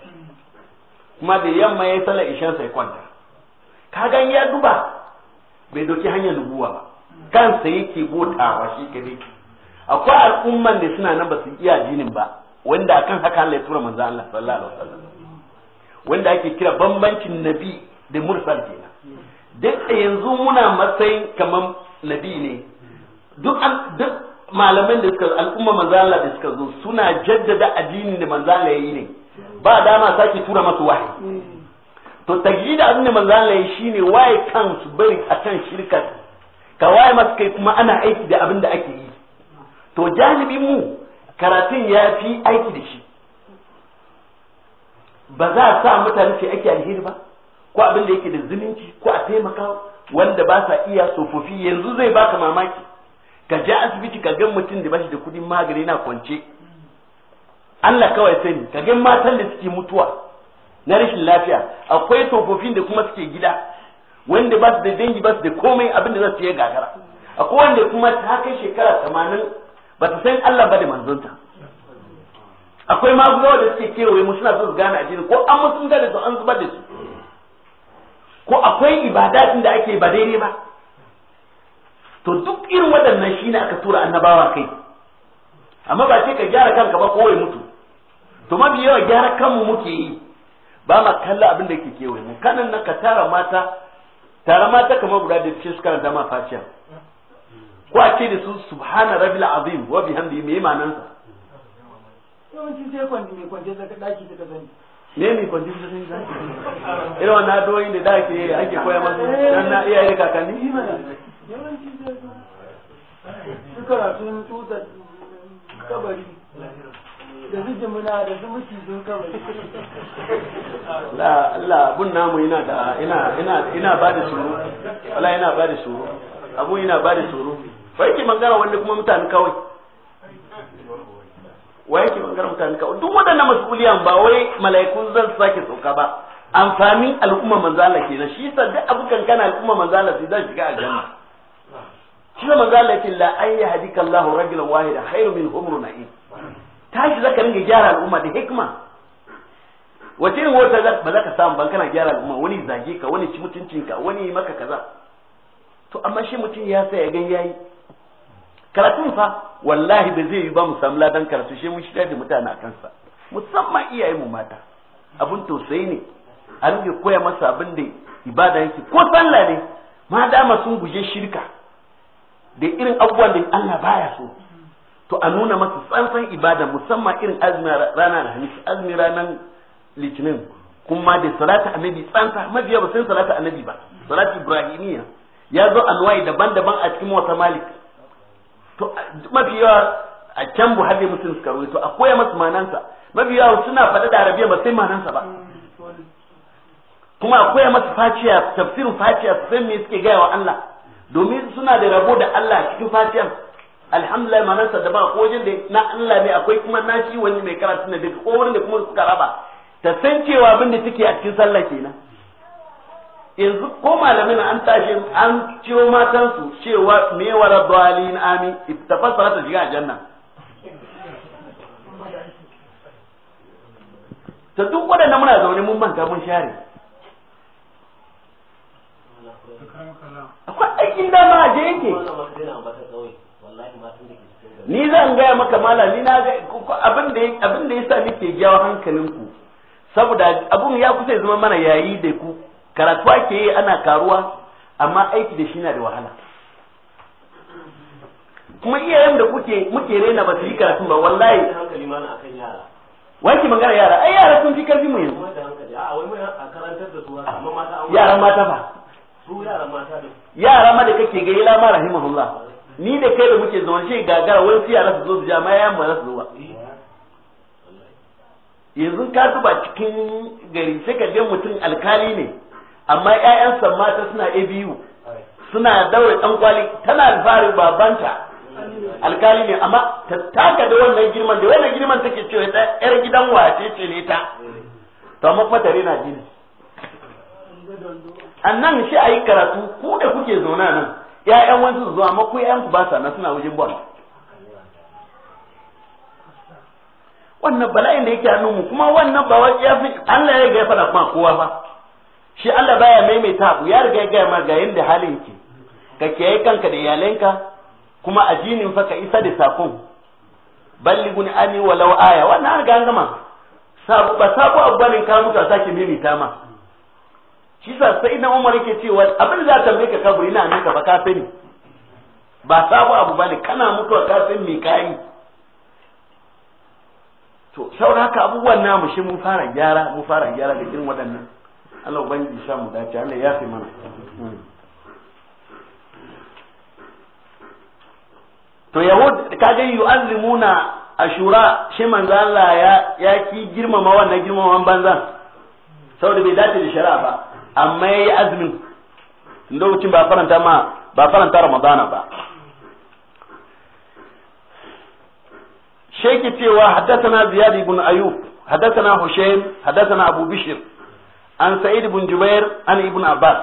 kuma da yamma ya yi sallar ishan sa ya kwanta kagan ya duba bai doki hanyar nubuwa ba kansa yake botawa shi kadai akwai al'umman da suna nan ba su iya jinin ba wanda akan haka Allah ya tura manzo Allah sallallahu alaihi wasallam wanda ake kira bambancin nabi da mursal kenan duk yanzu muna matsayin kamar nabi ne duk duk malaman da suka al'umma manzo Allah da suka zo suna jaddada addinin da manzo Allah ya yi ne ba dama sake tura masu wahayi to tagyi da abin da manzo Allah ya shine waye kan su bari a kan shirka ka waye masu kai kuma ana aiki da abin da ake yi to janibin mu karatun ya fi aiki da shi ba za a sa mutane ce ake alheri ba ko abin da yake da zumunci ko a taimaka wanda ba sa iya tsofaffi yanzu zai baka mamaki ka je asibiti ka gan mutum da bashi da kudin magani na kwance Allah kawai sani ka gan matan da suke mutuwa na rashin lafiya akwai tofofin da kuma suke gida wanda ba su da dangi ba su da komai abin da za su yi gagara akwai wanda kuma ta kai shekara tamanin ba ta san Allah ba da manzonta akwai maguzawa da suke kewaye mu suna so su gane addini ko an musu da su an zubar da su ko akwai ibadatin da ake ba daidai ba to duk irin waɗannan ne aka tura annabawa kai amma ba ce ka gyara kanka ba ko wai mutu to mafi yawa gyara kanmu muke yi ba ma kalla abin da yake kewaye mu kanan nan ka tara mata tara mata kamar guda da ce su karanta ma faciya ko a da su subhana rabbil azim wa bihamdihi me ma'anar sa yawanci sai kwanci me kwanci daga daki daga sani me me kwanci daga sani zaki irin wannan doyin da dake ake koya masa dan na iyaye da kakanni yawanci sai su karatu tutar kabari da mijimuna da su muci zo kawai la Allah abun namu yana da ina ina ina ba da tsoro wala ina ba da tsoro abun ina ba da tsoro wai ke magana wanda kuma mutane kawai wai ke magana mutane kawai duk wadannan mas'uliyan ba wai malaikun zan sake sauka ba amfanin al'umma manzala kenan shi yasa duk abukan kana al'umma manzala sai zan shiga aljanna shi manzala yake la an yahdika Allahu rajulan wahida khairu min umru na'im tashi zaka ringa gyara al'umma da hikma wace irin wata ba za ka samu ban kana gyara al'umma wani zage ka wani ci mutuncin ka wani maka kaza to amma shi mutum ya sa ya gan yayi karatun fa wallahi ba zai yi ba mu samu ladan karatu shi mun shigar da mutane a kansa musamman iyayen mu mata abun tausayi ne a ringa koya masa abin da ibada yake ko sallah ne ma dama sun guje shirka da irin abubuwan da Allah baya so to a nuna masa tsantsan ibada musamman irin azumin ranar alhamis azumin ranar litinin kuma da salatu annabi tsantsa mabiya ba sai salatu annabi ba salatu ibrahimiya ya zo alwai daban-daban a cikin wata malik to mafi yawa a can buhari muslim suka to a koya masu manansa mafi yawa suna faɗa da arabiya ba sai manansa ba kuma a koya masu faciya tafsirin faciya su san me suke gaya wa Allah domin suna da rabo da Allah cikin faciyar alhamdulillah manansa da ba ko wajen da na Allah ne akwai kuma na shi wani mai karatu ne da ko wani da kuma suka raba ta san cewa abin da take a cikin sallah kenan yanzu ko malamin an tashi an ciwo matansu cewa me wara dalin ami tafassara ta shiga janna ta duk waɗanda muna zaune mun manta mun share akwai aikin dama a je yake ni zan gaya maka ni na ga abin da abin da yasa nake jawo hankalinku saboda abun ya kusa zama mana yayi da ku karatu ake yi ana karuwa amma aiki da shi na da wahala kuma iyayen da kuke muke rena ba su yi karatu ba wallahi wanki magana yara ai yara sun fi karfi mu yanzu yara mata fa yara ma da kake ga ila ma rahimahullah ni da kai da muke zaman shi gagara wani siya rasu su zo su ja ma yayan ma za su yanzu ka zuba cikin gari sai ka ga mutum alkali ne amma ƴaƴansa mata suna abu suna daure dan kwali tana alfari babanta alkali ne amma ta taka da wannan girman da wannan girman take cewa ta yar gidan wace ce ne ta to amma fa tare na jini annan shi ayi karatu ku da kuke zauna nan ya'yan wani su zuwa ku ku ba sa na suna wajen bol wannan bala'in da yake hannun mu kuma wannan ba wani ya fi Allah ya gaya ya fada kuma kowa ba shi Allah baya maimaita abu ya riga ya gaya ma ga halin ki ka kiyaye kanka da iyalanka kuma ajinin fa ka isa da sakon guni ani walau aya wannan an ga gama ba sabo abu bane ka mutu a sake maimaita ma shi sa sai na umar yake cewa abin za ta ka kaburi na ka ba ka sani ba sabu abu ba ne kana mutuwa ka san me kayi to saboda haka abubuwan namu shi mun fara gyara mun fara gyara da irin waɗannan Allah ubangiji sha mu dace Allah ya fi mana to yahud kaga yu'allimuna ashura shi manzo Allah ya ya ki girmama wannan girmaman banza saboda bai dace da shari'a ba amma ya yi azumin tun ba faranta ma ba faranta ramadana ba shaiki cewa haddasana ziyad ibn ayub haddasana hushaim na abu bishir an sa'id ibn jubair an ibn abbas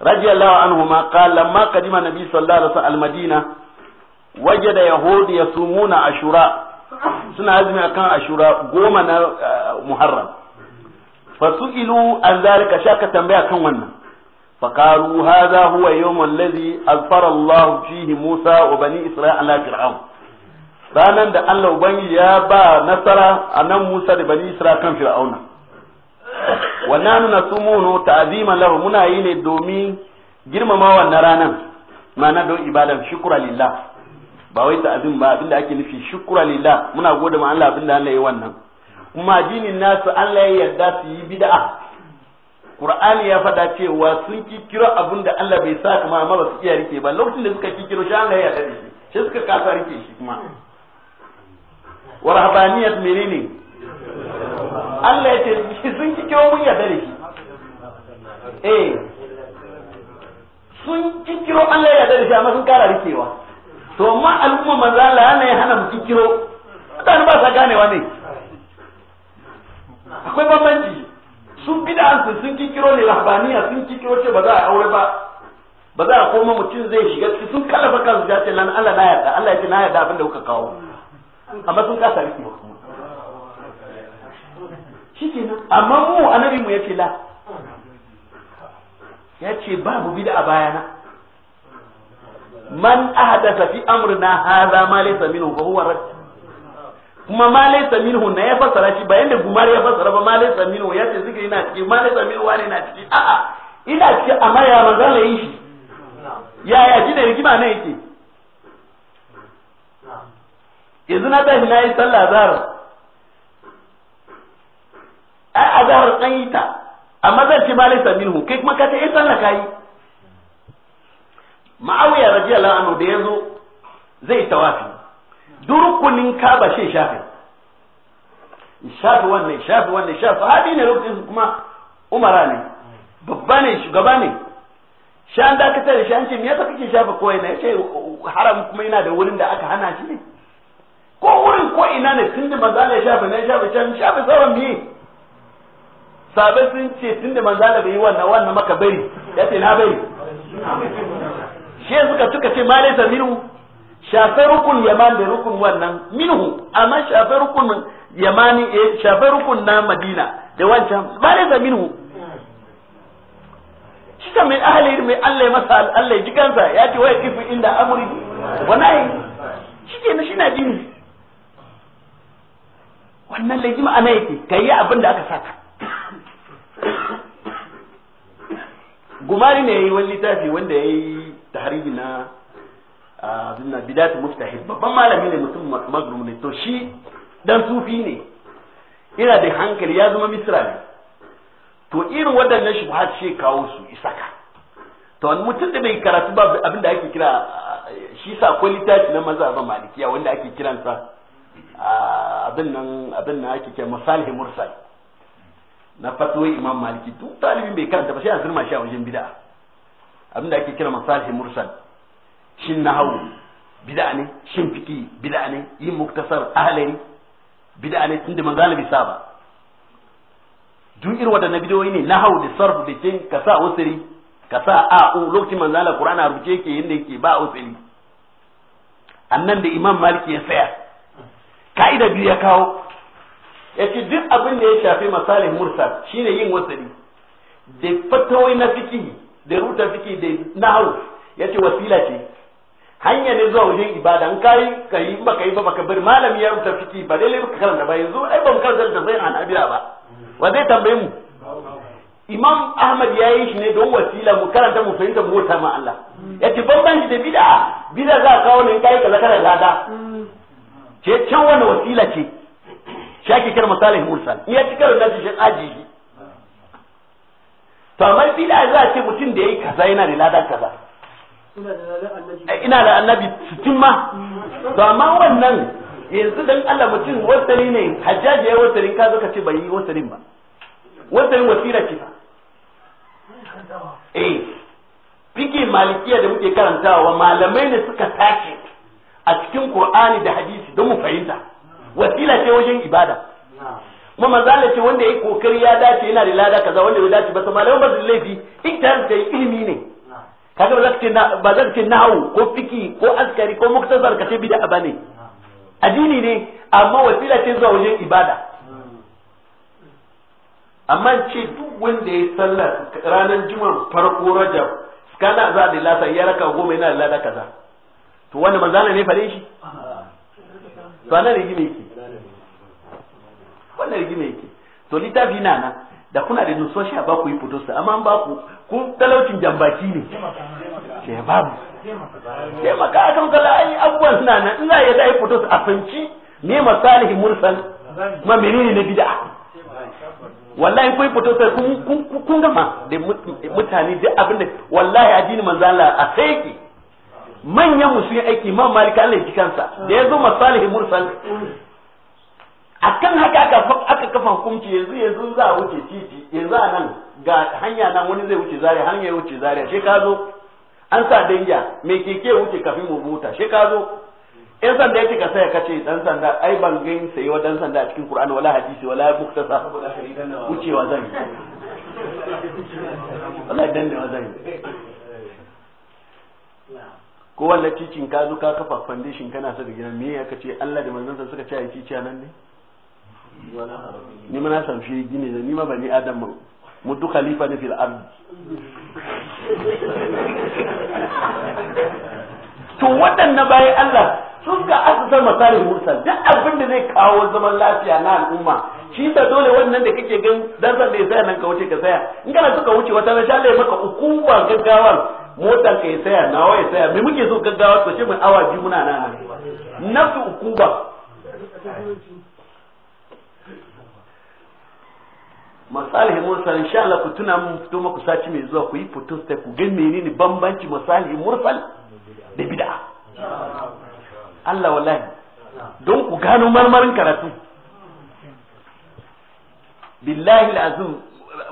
radiyallahu anhuma qala lamma qadima nabi sallallahu alaihi wasallam al-madina wajada yahudi sumuna ashura suna azumi akan ashura goma na eh, muharram fasu'ilu an zalika ka tambaya kan wannan faqalu hadha huwa yawm alladhi azfara Allah fihi Musa wa bani Isra'ila ala fir'aun ranan da Allah ubangi ya ba nasara anan Musa da bani Isra'ila kan fir'auna wannan nasumuhu ta'zima lahu muna yi ne domin girmama wannan ranan ma'ana don ibadan shukra lillah ba wai ta'zim ba abinda ake nufi shukra lillah muna gode ma Allah abinda Allah ya yi wannan addinin nasu Allah ya yarda su yi bid'a Qur'ani ya faɗa cewa sun kikiro abin da Allah bai sa kuma amma ba su iya rike ba lokacin da suka kikiro shi Allah ya yarda da shi shi suka kasa rike shi kuma warhabaniyat menene Allah ya ce sun kikiro mun yarda da shi eh sun kikiro Allah ya yarda da shi amma sun kara rikewa to amma al'umma manzala ne ya hana mu kikiro mutane ba sa ganewa ne akwai bambanci sun bid'ansu sun kikiro ne lahabaniya sun kikiro ce ba za a aure ba ba za a koma mutum zai shiga ciki sun kalafa kansu ya ce lan Allah na yarda Allah ya ce na yarda abin da kuka kawo amma sun kasa riki ba shi ke nan amma mu annabi mu ya ce la ya ce babu bida a bayana man ahdatha fi amrina hadha ma laysa minhu fa huwa radd kuma malai saminu minhu na ya fasara shi bayan da gumar ya fasara ba malai saminu ya ce zikiri na ciki malai saminu wane wani na ciki a'a ina ciki amma ya maza na yi shi ya ya shi da rigima na yake yanzu na tafi na yi sallah zahar ai zahar an yi ta amma zan ce malai saminu minhu kai kuma ka ta yi eh, sallah yi ma'awiya radiyallahu la'anu da zo zai tawafi durkunin kaba shi shafi shafi wannan shafi wannan shafi sahabi ne lokacin kuma umara ne babba ne shugaba ne shi an dakatar da shi an ce me yasa kake shafa ko ina yace haram kuma yana da wurin da aka hana shi ne ko wurin ko ina ne tunda manzo Allah ya shafa ne shafa can shafi sauran biye sabe sun ce tunda manzo Allah bai yi wannan wannan maka bari yace na bari shi suka tuka ce ma laysa shafe rukun yaman da rukun wannan minhu amma shafe rukun yamani eh shafe rukun na madina da wancan ba ne da minhu shi ta mai ahli mai Allah ya masa Allah ya ji kansa ya ce wai kifi inda amri wallahi shi ke shi na dini wannan laifi ma'ana yake kai abin da aka saka gumari ne yayi wani littafi wanda yayi tahribi na Ah, abinna bidatu mustahid babban malami ne mutum magnum ne to shi dan sufi ne ina da hankali ya zama misra ne to irin waɗannan shubhat shi kawo su isaka to wani mutum da bai karatu ba abin da ake kira shi sa kwalita littafi na mazhaban malikiya wanda ake kiransa ah, abin nan abin nan ake kira masalih mursal na fatwai imam maliki duk talibin bai karanta ba sai a zirma shi a wajen bid'a abin da ake kira masalih mursal shin nahawu bid'a ne shin fiki bid'a ne yin muktasar ahalari bid'a ne tunda manzo Allah bai sa ba duk irin wadannan bidiyoyi ne nahawu da sarfu da kin ka sa usri ka sa a u lokacin man Allah Qur'ani a ke yake yanda yake ba usri annan da Imam Maliki ya tsaya kaida biyu ya kawo yace duk abin da ya shafi masalih mursal shine yin wasali da fatawai na fiki da ruta fiki da nahawu yace wasila ce hanya ne zuwa wajen ibada in kai kai ba kai ba baka bar malami ya rubuta fiki ba dai baka karanta ba yanzu ai ba mu karanta da zai hanabiya ba wa zai tambaye mu imam ahmad ya yi shi ne don wasila mu karanta mu fahimta mu wata ma Allah ya ce bambanci da bid'a bid'a za a kawo ne kai kaza kana lada ce can wani wasila ce shi ake kira misalin mursal ya ci karo da shi aji to amma bid'a za a ce mutum da ya yi kaza yana da lada kaza Eh, ina da annabi sittin ma to amma wannan yanzu dan Allah mutum wasari ne hajjaji ya wasarin ka zo ka ce bai yi wasarin ba wasarin wasira ce fa eh fiki malikiya da muke karantawa malamai ne suka tashi a cikin Qur'ani da hadisi don mu fahimta wasila ce wajen ibada kuma manzala ce wanda ya kokari ya dace yana da lada kaza wanda ya dace ba malamai ba su laifi ikhtiyar da ilimi ne kaga ba zaka ce ba zaka ce nahwu ko fiki ko askari ko muktazar ka ce bid'a bane addini ne amma wasila ce zuwa wajen ibada amma ce duk wanda ya sallar ranar juma'a farko rajab kana za da lasa ya raka goma yana da lada kaza to wanda manzana ne fare shi to anan rigime yake wannan rigime yake to littafi na na da kuna da duso sha ba ku yi fito su amma ba ku kun talaucin jambaki ne ke ba mu ke maka a kan kala ai abubuwan suna nan in za a yi za a fito su a fanci ne masalihi mursal ma menene ne bid'a wallahi kun fito sai kun kun gama da mutane da abin da wallahi addini manzo Allah a sai ki manyan musu aiki man malika Allah ya kansa da yazo masalihi mursal akan haka aka kafa hukunci yanzu yanzu za a wuce titi yanzu a nan ga hanya nan wani zai wuce zaria hanya wuce zaria shi ka zo an sa danja mai keke wuce kafin mu buta shi ka zo in sanda yake ka saya kace dan sanda ai ban gain sai wa dan sanda a cikin Qur'ani wala hadisi wala muktasa wucewa zan yi wallahi dan da zan ko wallahi cikin ka zo ka kafa foundation kana sa da gidan me ya kace Allah da manzon sa suka ci ai ciya nan ne ni mana san fiye gine ni ma bani adam mu duk khalifa ne fil ard to waɗannan bai Allah sun ga asasar masalin mursal duk abin da zai kawo zaman lafiya na al'umma shi da dole wannan da kake gan dan da ya saya nan ka wuce ka saya in kana suka wuce wata na shalle maka hukuma gaggawa motar ka ya saya nawa ya saya me muke so gaggawa to shi mun awa biyu muna nan nafi ukuba masalihin mursal insha Allah ku tuna mun fito muku saci mai zuwa ku yi fito sai ku ga menene bambanci masalihin mursal da bid'a Allah wallahi don ku gano marmarin karatu billahi alazim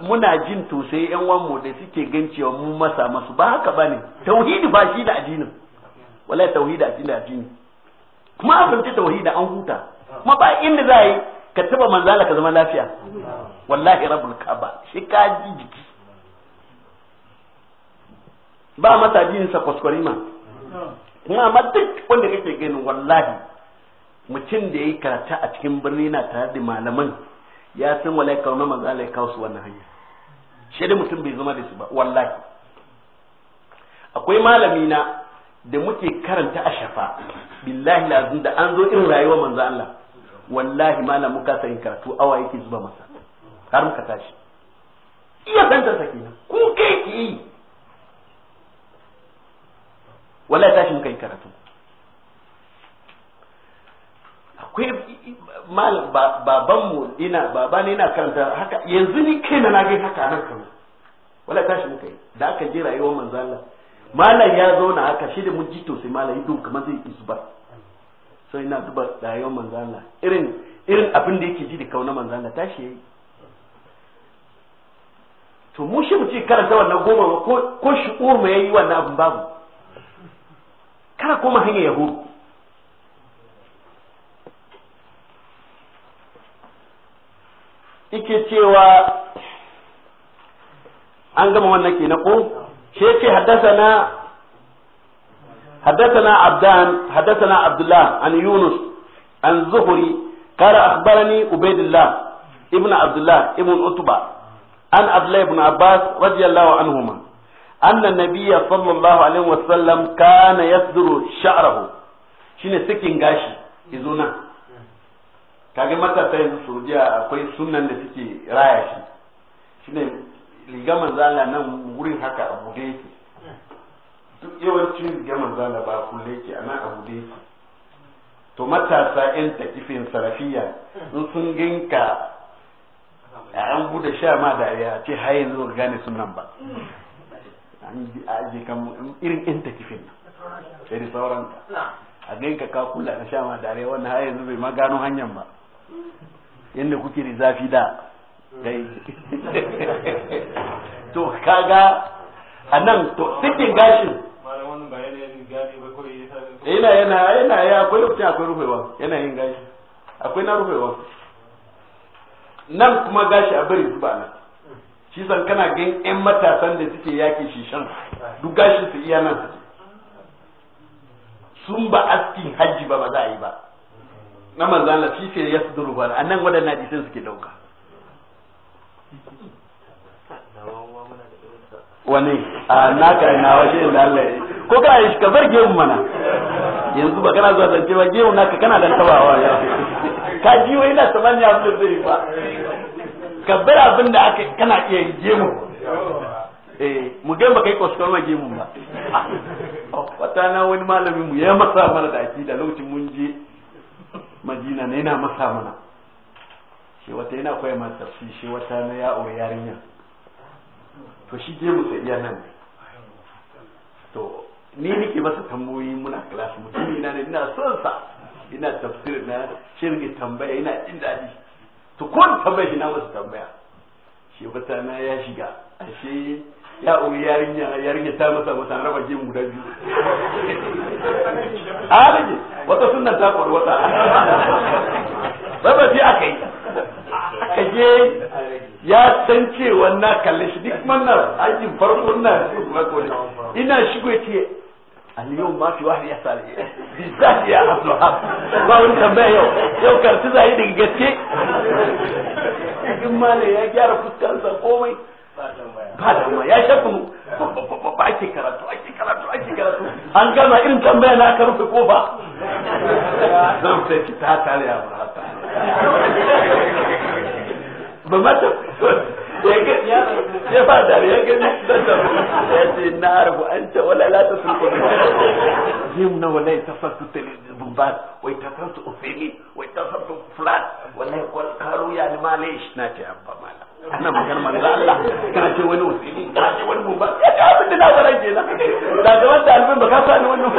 muna jin sai yan wan mu da suke gan cewa mu masa masu ba haka bane tauhidi ba shi da addinin wallahi tauhidi addini addini kuma abin tauhidi an huta kuma ba inda za a yi ka taba manzala ka zama lafiya wallahi rabbul kaba shi ka ji jiki ba mata jin sa ma. kuma ma duk wanda kake gani wallahi mutum da yayi karata a cikin birni na tare da malaman ya san wallahi ka na manzala ya kawo su wannan hanya shi da mutum bai zama da su ba wallahi akwai malami na da muke karanta a shafa billahi lazim da an zo irin rayuwar manzo Allah wallahi malam muka sayin karatu awa yake zuba masa har muka tashi iya fahimtar sa kenan ku kai ki yi wallahi tashi muka yi karatu akwai malam babanmu ina baba ne ina karanta haka yanzu ni kaina na ga haka nan kan wallahi tashi muka yi da aka je rayuwar manzo Allah malam ya zo na haka shi da mun ji sai malam ya kamar zai isbar Sai ina duba rayuwar manzana irin irin abin da yake ji da kauna manzana tashi yayi to mu shi mu ce karanta wannan goma ko ko shi mu yayi wannan abin babu kana koma hanya yahudu ike cewa an gama wannan kenan ko shi ce haddasa na حدثنا عبدان حدثنا عبد الله عن يونس عن زهري قال أخبرني عبيد الله ابن عبد الله ابن عتبة عن عبد الله بن عباس رضي الله عنهما أن النبي صلى الله عليه وسلم كان يصدر شعره شنو سكين غاشي يزونا kage matasa yanzu Saudiya akwai sunan da suke raya shi shine liga manzala nan wurin haka abu da yake duk yawancin riga manzala ba kulle ke ana abu da yake to matasa yan takifin sarafiya in sun ginka a an bude sha ma da ya ce har yanzu ba gane sunan ba an aje kan irin yan takifin sai da sauran a ginka ka kula na sha ma da ya wannan har yanzu bai ma gano hanyar ba yadda kuke da zafi da kai to kaga a nan to cikin gashin yana yana yana ya akwai lokacin akwai rufewa yana yin gashi akwai na rufewa nan kuma gashi a bari zuba nan shi san kana gan yan matasan da suke yaki shan duk gashi su iya nan sun ba askin hajji ba ba za a yi ba na manzan la fife ya su duru ba nan waɗannan hadisan suke dauka wani a naka na waje da Allah ko kana yi ka bar gemu mana yanzu ba kana zuwa zance ba gemu naka kana dan tabawa ya ka ji wai na saman ya abin zai ba ka bar abin da aka kana iya gemu eh mu ga ba kai koskon ma gemu ba ah, oh, wata na wani malami mu ya masa mana da da lokacin mun je Madina ne yana masa mana shi wata yana koya masa tafsi shi wata na ya aure yarinya to shi gemu sai iya nan to ni nake masa tambayoyi muna class mutumi na ne ina son sa ina tafsir na shirgi tambaya ina jin daɗi to ko tambaya ina masa tambaya shi fata na ya shiga ashe ya uri yarinya yarinya ta masa masa raba jin guda biyu a wata sunan ta kwar wata Babaji biyu aka yi aka je ya san cewa na kalle shi duk mannar ajin farkon nan ina shigo ya ce اليوم ما في واحد يسأل بالذات يا عبد الوهاب ما وانت ما يو يو كرت زي دي جتك ما لي يا جار فسكان سقومي بعد ما يا شكو ba ake karatu ake karatu ake karatu an gama irin tambaya na aka rufe kofa zan sai ki ta tare ya ba ya ba da ya gani ya ce na arabu an ce wala la ta sulku jim na wala ta fasu bumbar wai ta fasu ufili wai ta fasu flat wala kwal karu ya ni malish na ce abba mala ana magana manzo Allah kana ce wani ufili kana ce wani bumbar ya ce abin da na wala kenan da ga wanda albin ba ka sani wannan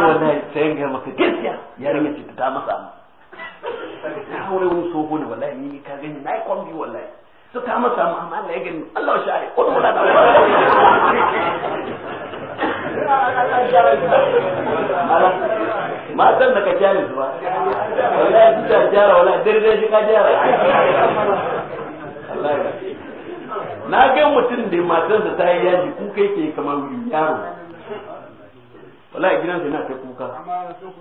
wallahi sai ga maka gaskiya yarinya ce ta masa ya aure wani soho ne wallahi ni ka gani na yi kwambi wallahi suka masa mu'amala ya gani Allah shi ai ko mun da matan da ka jani zuwa wallahi duk da jara wallahi dare shi ka jara na ga mutum da matan da ta yi yaji kuka ke kamar yaro wala gidan sai na ta kuka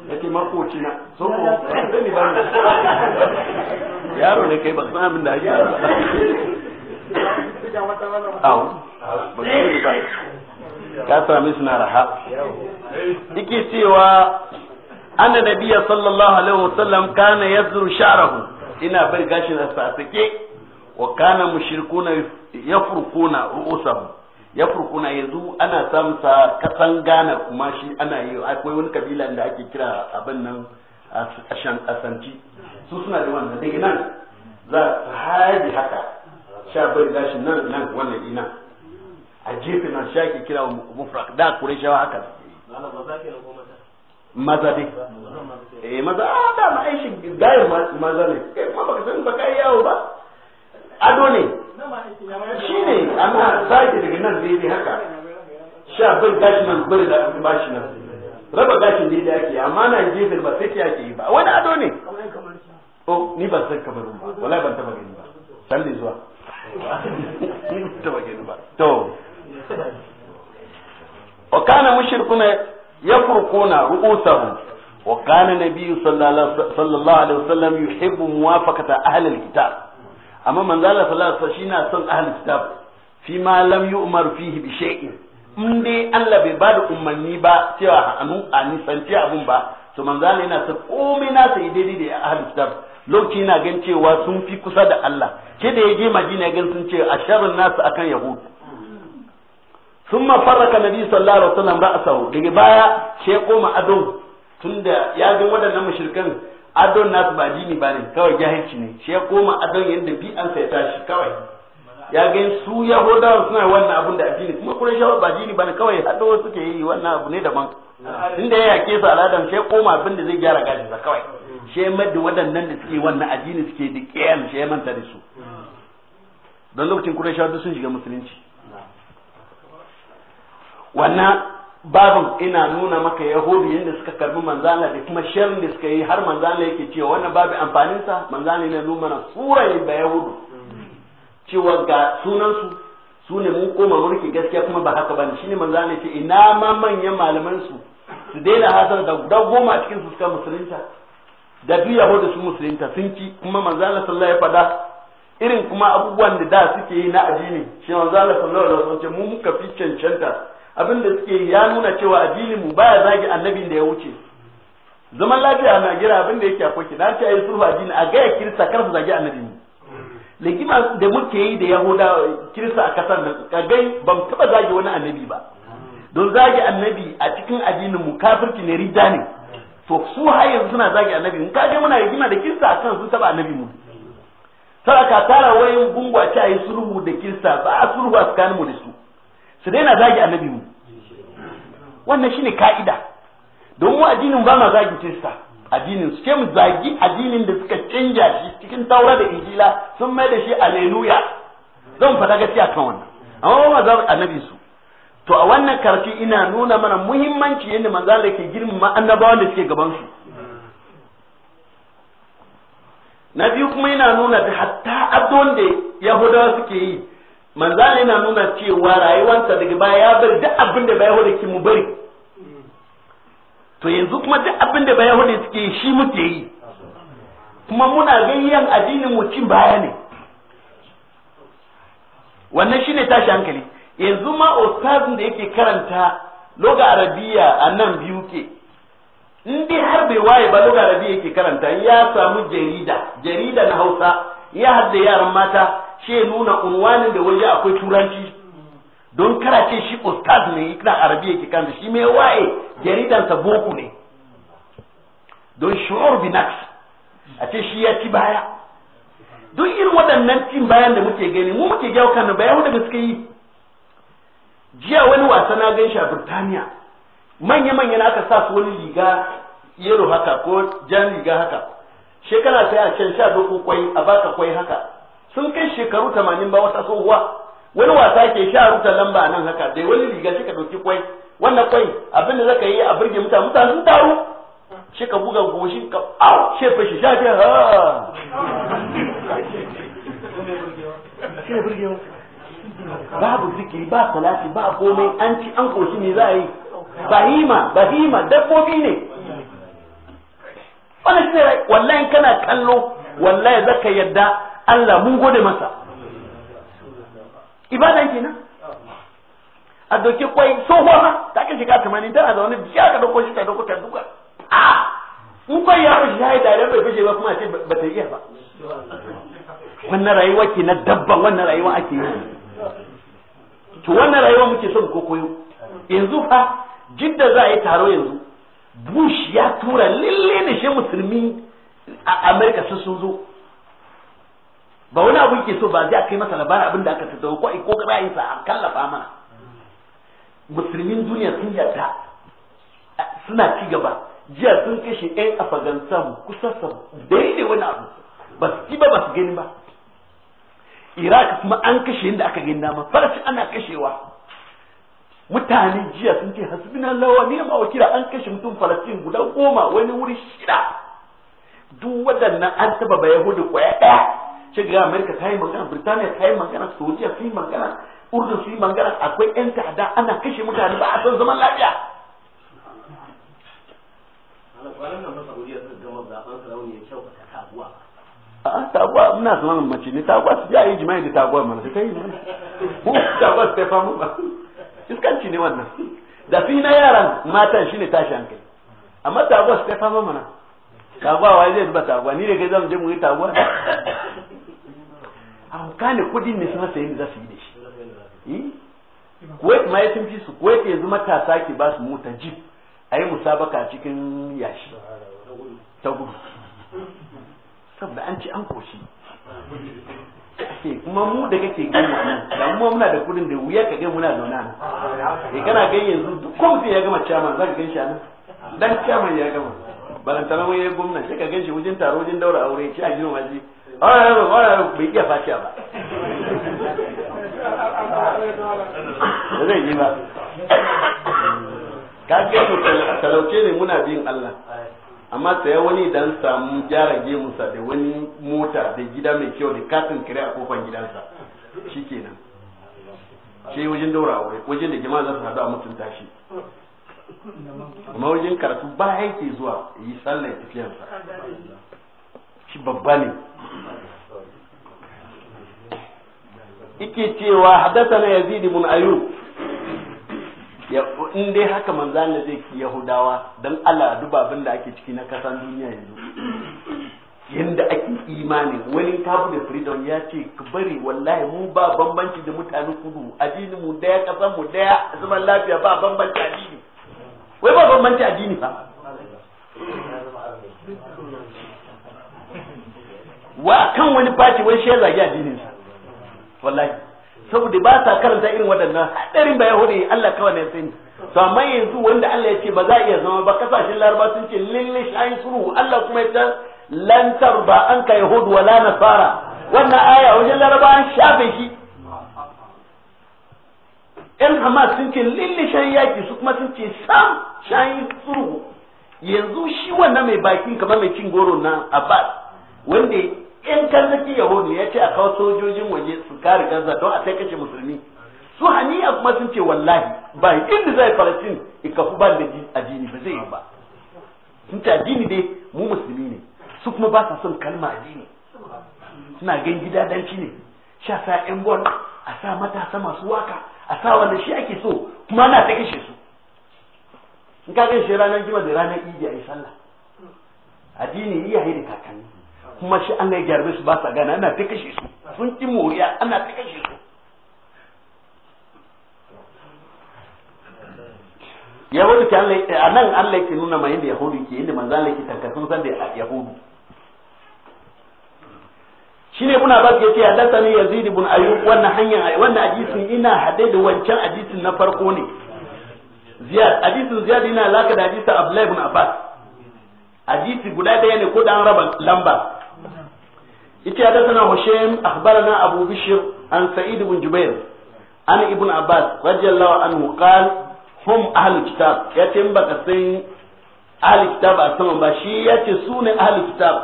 yake makoci na so ko sai ni bani yaro ne kai ba san abin da ake au ba ni ba ka sami suna raha yake cewa anna nabiyya sallallahu alaihi wasallam kana yazru sha'rahu ina bar gashin sa sake wa kana mushrikuna yafrukuna ru'usahum ya furkuna yanzu ana samsa kasan gana kuma shi ana yi akwai wani kabila da ake kira abin nan asanci su suna da wannan daga nan za su haji haka sha bari gashi nan nan wannan ina a jefe nan sha ke kira mufrak da kure kureshawa haka maza dai eh maza a ah, da ma aishin gayar maza ne eh, kai ba ka san kai yawo ba ado ne amma sake daga nan zai haka sha bin gashi nan bari da bashi nan raba gashin dai da ake amma na gefen ba sai ake yi ba wani ado ne o oh, ni ban san kamar ba wala ban taba gani ba san zuwa ni ban taba gani ba to wa kana mushrikuna yafrukuna ru'usahum wa kana nabiyyu sallallahu alaihi wasallam yuhibbu muwafaqata ahli alkitab amma manzo Allah sallallahu alaihi wasallam shi na son ahli kitab fi ma lam yu'mar fihi bi shay'in in dai Allah bai bada umarni ba cewa anu a nisanci abun ba to manzo Allah yana ta komai na sai daidai da ahlul kitab lokaci na gan cewa sun fi kusa da Allah ke da yaje Madina gan sun ce a asharun nasu akan yahud ثم faraka nabi sallallahu alaihi wasallam وسلم daga baya sai koma adon tunda ya ga wadannan mushrikan adon nasu ba dini ba ne kawai jahilci ne sai koma adon yadda bi an sai tashi kawai ya ga su yahudawa suna wannan abun da addini kuma kurashawa ba jini bane kawai haɗo suke yi wannan abu ne daban inda ya yake su al'adam sai koma abin da zai gyara gashi sa kawai sai madda waɗannan da suke wannan addini suke da kiyan sai manta da su don lokacin kurashawa duk sun shiga musulunci wannan babin ina nuna maka yahudi yadda suka karbi manzana da kuma shirin da suka yi har manzana yake cewa wannan babu amfaninsa manzana ne nuna mana surai ba yahudu cewa ga sunansu su ne mun koma mulki gaskiya kuma ba haka bane shine manzo ne ce ina ma manyan malaman su su daina hasar da guda goma cikin su suka musulunta da duk yahuda su musulunta sun ci kuma manzo Allah sallallahu alaihi fada irin kuma abubuwan da da suke yi na addini shi manzo Allah sallallahu alaihi wasallam ce mu muka fi cancanta abin da suke ya nuna cewa addini mu baya zagi annabin da ya wuce zaman lafiya na gira abin da yake akwai ki na ce ayi sulhu addini a ga ya kirsa kar su zagi annabin ligima da muke yi da yahudawa kirista a kasar nan kagai ban taba zagi wani annabi ba don zagi annabi a cikin addinin mu kafirci ne rida ne to su har yanzu suna zagi annabi mu, kaje muna rigima da kirista akan su taba annabi mu sai ka tara wayin gungwa ta yi sulhu da kirista ba a sulhu a tsakanin mu da su su daina zagi annabi mu wannan shine ka'ida don mu addinin ba ma zagi kirista addinin suke mu zagi addinin da suka canja shi cikin taura da injila sun mai da shi aleluya zan faɗa gaskiya kan wannan amma ba za annabi su to a wannan karfi ina nuna mana muhimmanci yadda manzo Allah ke girmama annabawan da suke gaban su na biyu kuma ina nuna da hatta addu'an da yahudawa suke yi manzo Allah yana nuna cewa rayuwarsa daga baya ya bari duk abin da bai ke mu bari to yanzu kuma duk abin da bayan suke shi muke yi kuma muna gayyan addinin mu baya ne wannan shine tashi hankali yanzu ma ostazin da yake karanta loga arabiya a nan biyu ke in dai har bai waye ba loga arabiya yake karanta ya samu jarida jarida na hausa ya hadda yaran mata shi nuna unwanin da waje akwai turanci don kana ce shi ustaz ne ikna arabiya ke kanta shi mai waye jaridansa boku ne don shu'ur bi nafs a ce shi ya ci baya duk irin waɗannan cin bayan da muke gani mu muke jawo kan baya wanda da suka yi jiya wani wasa na gan shi a Burtaniya manya manya na aka sa su wani riga yero haka ko jan riga haka shekara sai a can sha kwai a baka kwai haka sun kai shekaru 80 ba wata tsohuwa wani wasa ke sha ruta lamba nan haka dai wani riga shi ka dauki kwai wannan kwai abin da zaka yi a burge mutane mutane sun taru shi ka buga goshin ka au fa fashi sha ta ha babu zikiri ba salati ba komai an ci an koshi ne za a yi bahima bahima dabbobi ne wannan shi ne wallahi kana kallo wallahi zaka yadda Allah mun gode masa ibada kenan a doke kwai tsohuwa ma ta ke shiga tamanin tana da wani jiya ka dauko shi ta dauko ta duka a in kwai ya fashi ya yi tare bai fashe ba kuma ce ba ta iya ba wannan rayuwa ke na dabban wannan rayuwa ake yi to wannan rayuwa muke son ko koyo yanzu fa jidda za a yi taro yanzu bush ya tura lalle da shi musulmi a amerika sun zo ba wani abu ke so ba zai kai masa labarin abin da aka tattauna ko ko ra'ayin sa an kallafa mana musulmin duniya sun yarda suna ci gaba jiya sun kashe ɗan afghanistan kusa sa daidai wani abu ba su ci ba ba su gani ba iraq kuma an kashe inda aka gani dama farashin ana kashewa mutane jiya sun ce hasbina lawa ne ma wakila an kashe mutum falastin guda goma wani wuri shida duk waɗannan an taba ba yahudi kwaya ɗaya shi ga amerika ta yi magana birtaniya ta yi magana saudiya su yi magana urdun su yi magana akwai yan ta'ada ana kashe mutane ba a son zaman lafiya a taguwa muna zama mace ne taguwa su yi jima'i da taguwa mana ta yi mana taguwa su ta famu ba iskanci ne wannan da fi na yaran matan shine tashi hankali amma taguwa su ta famu mana taguwa wai zai zuba taguwa ni da kai zan je mu yi taguwa amkane kudin ne suna sayin da za su yi da shi eh? kuwait ma ya fi su kuwait yanzu matasa ke ba su mota jeep a yi musabaka cikin yashi ta gudu saboda an ci an koshi eh, kuma mu da kake gani nan da mu muna da kudin da wuya ka ga muna zaune nan eh kana ga yanzu duk komai ya gama chairman zaka gan shi nan dan chairman ya gama balantana mu yayi gwamnati sai ka gan shi wajen taro wajen daura aure shi a jiran waje bai iya fatiha ba zai yi ba ka talauce ne muna bin Allah amma saya wani dan samu gyara gemunsa da wani mota da gida mai kyau da katin kare a kofar gidansa shikenan sai wajen daura wai wajen da jama'a za su hadu a mutunta shi amma wajen karatu ba yake zuwa yi sallar tafiyansa shi babba ne ike cewa na yazid ibn ayyub ya in dai haka manzo Allah zai ki yahudawa dan Allah duba abin da ake ciki na kasan duniya yanzu yanda ake imani wani tabu da freedom ya ce ku bari wallahi mu ba bambanci da mutanen kudu addinin mu daya kasan mu daya zaman lafiya ba bambanci addini wai ba bambanci addini ba wa kan wani faci wani shi ya zagi addinin sa wallahi saboda ba sa karanta irin waɗannan hadarin ba yahudi Allah kawai ne sai to amma yanzu wanda Allah ya ce ba za a iya zama ba kasashen laraba sun ce lillish ayin suru Allah kuma ya lantar ba an ka yahudu wala nasara wannan aya wajen laraba an shafe shi yan hamas sun ce lilli shan yaki su kuma sun ce sam shayin suru yanzu shi wannan mai baki kamar mai cin goro na abbas wanda in kan zaki yahudu ya ce a kawo sojojin waje su kare gaza don a sai kace musulmi su haniya kuma sun ce wallahi ba inda zai falastin ikafu ba da ajini ba zai yi ba sun ce ajini dai mu musulmi ne su kuma ba sa son kalma ajini suna gan gida danci ne sha sa yan gwan a sa matasa masu waka a sa wanda shi ake so kuma na ta kashe su in ka shi ranar jima da ranar idi a yi sallah addini iyaye da kakanni kuma shi Allah ya gyarbe su ba sa gana ana ta kashe su sun ci moriya ana ta kashe su yahudu ke Allah a nan Allah yake nuna ma yadda yahudu ke yadda manzan Allah yake tankasun san da yahudu ne kuna ba yake ne yazid ibn ayyub wannan hanyar wannan hadisin ina hade da wancan hadisin na farko ne ziyad hadisin ziyad ina alaka da hadisin abdullahi ibn abbas hadisi guda daya ne ko da an raba lamba Ita yace hadathana hushaym na abu bishir an sa'id ibn jubair an ibn abbas radiyallahu anhu qal hum ahlul kitab yace in baka san ahlul kitab a saman ba shi yace su ne ahlul kitab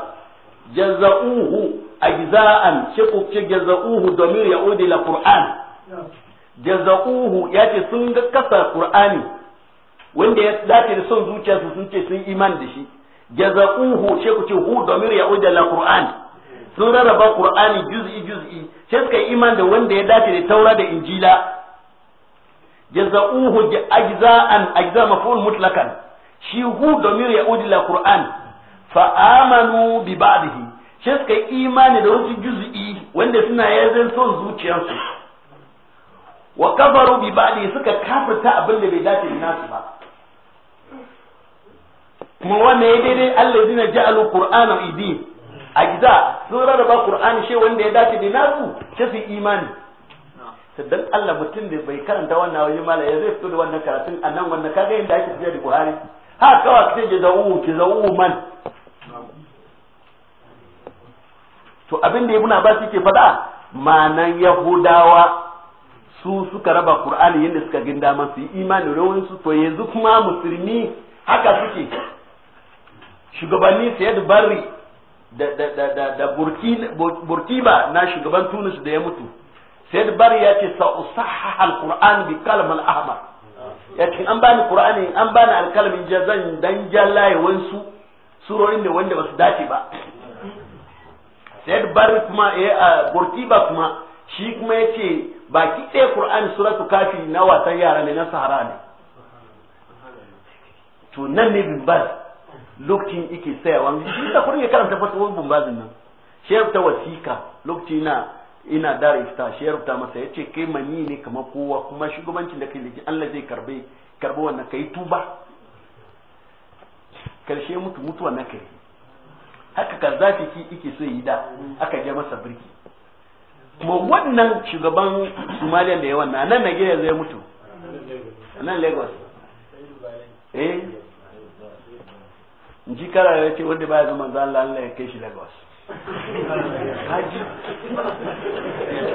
jazauhu ajza'an shi ku ce jazauhu damir yaudi la qur'an jazauhu yace sun ga kasa Kur'ani wanda ya dace da son zuciyarsu sun ce sun iman da shi jazauhu shi ku ce hu damir yaudi la qur'an sun rarraba qur'ani juz'i juz'i sai suka yi iman da wanda ya dace da taura da injila jaza'uhu ajza'an ajza maf'ul mutlakan shi hu damir ya la qur'an fa amanu bi ba'dihi sai suka yi imani da wasu juz'i wanda suna yayin son zuciyarsu wa kafaru bi ba'di suka kafirta abin da bai dace da nasu ba kuma wannan ya daidai allazina ja'alu qur'ana idin gida sun rarraba qur'ani shi wanda ya dace da nasu sai su imani to dan Allah mutum da bai karanta wannan waje mala ya zai fito da wannan karatun annan wannan kaga yanda ake tafiya da Buhari ha kawa kace ki zau ki zau man to abin da ibn Abbas yake faɗa ma'anan Yahudawa su suka raba Qur'ani yanda suka ginda su yi imani rawan su to yanzu kuma musulmi haka suke shugabanni Sayyid Barri da burkiba na shugaban tunis da ya mutu sai Bari ya ce sa'usaha alquran bi kalmal ahmar ya ce an bani qur'ani an bani alkalmin jazan dan jallaye wansu surorin da wanda basu dace ba sai Bari kuma ya eh, burkiba kuma shi kuma ya ce baki ɗaya qur'ani suratu kafi na wasan yara ne na sahara ne to nan ne bin bas lokacin ike tsayawa shi da kurin ya karanta fasahun bumbazin nan shi ya wasika lokacin na ina dara ifta shi ya masa ya ce kai mani ne kamar kowa kuma shugabancin da kai liki Allah zai karbe karbe wannan kai tuba karshe mutu mutuwa na kai haka ka zafi ki ike so yi da aka je masa birki kuma wannan shugaban Somalia da yawan na nan Nigeria zai mutu nan Lagos eh ji kara ya ce wanda baya ga manzo Allah Allah ya kai shi Lagos haji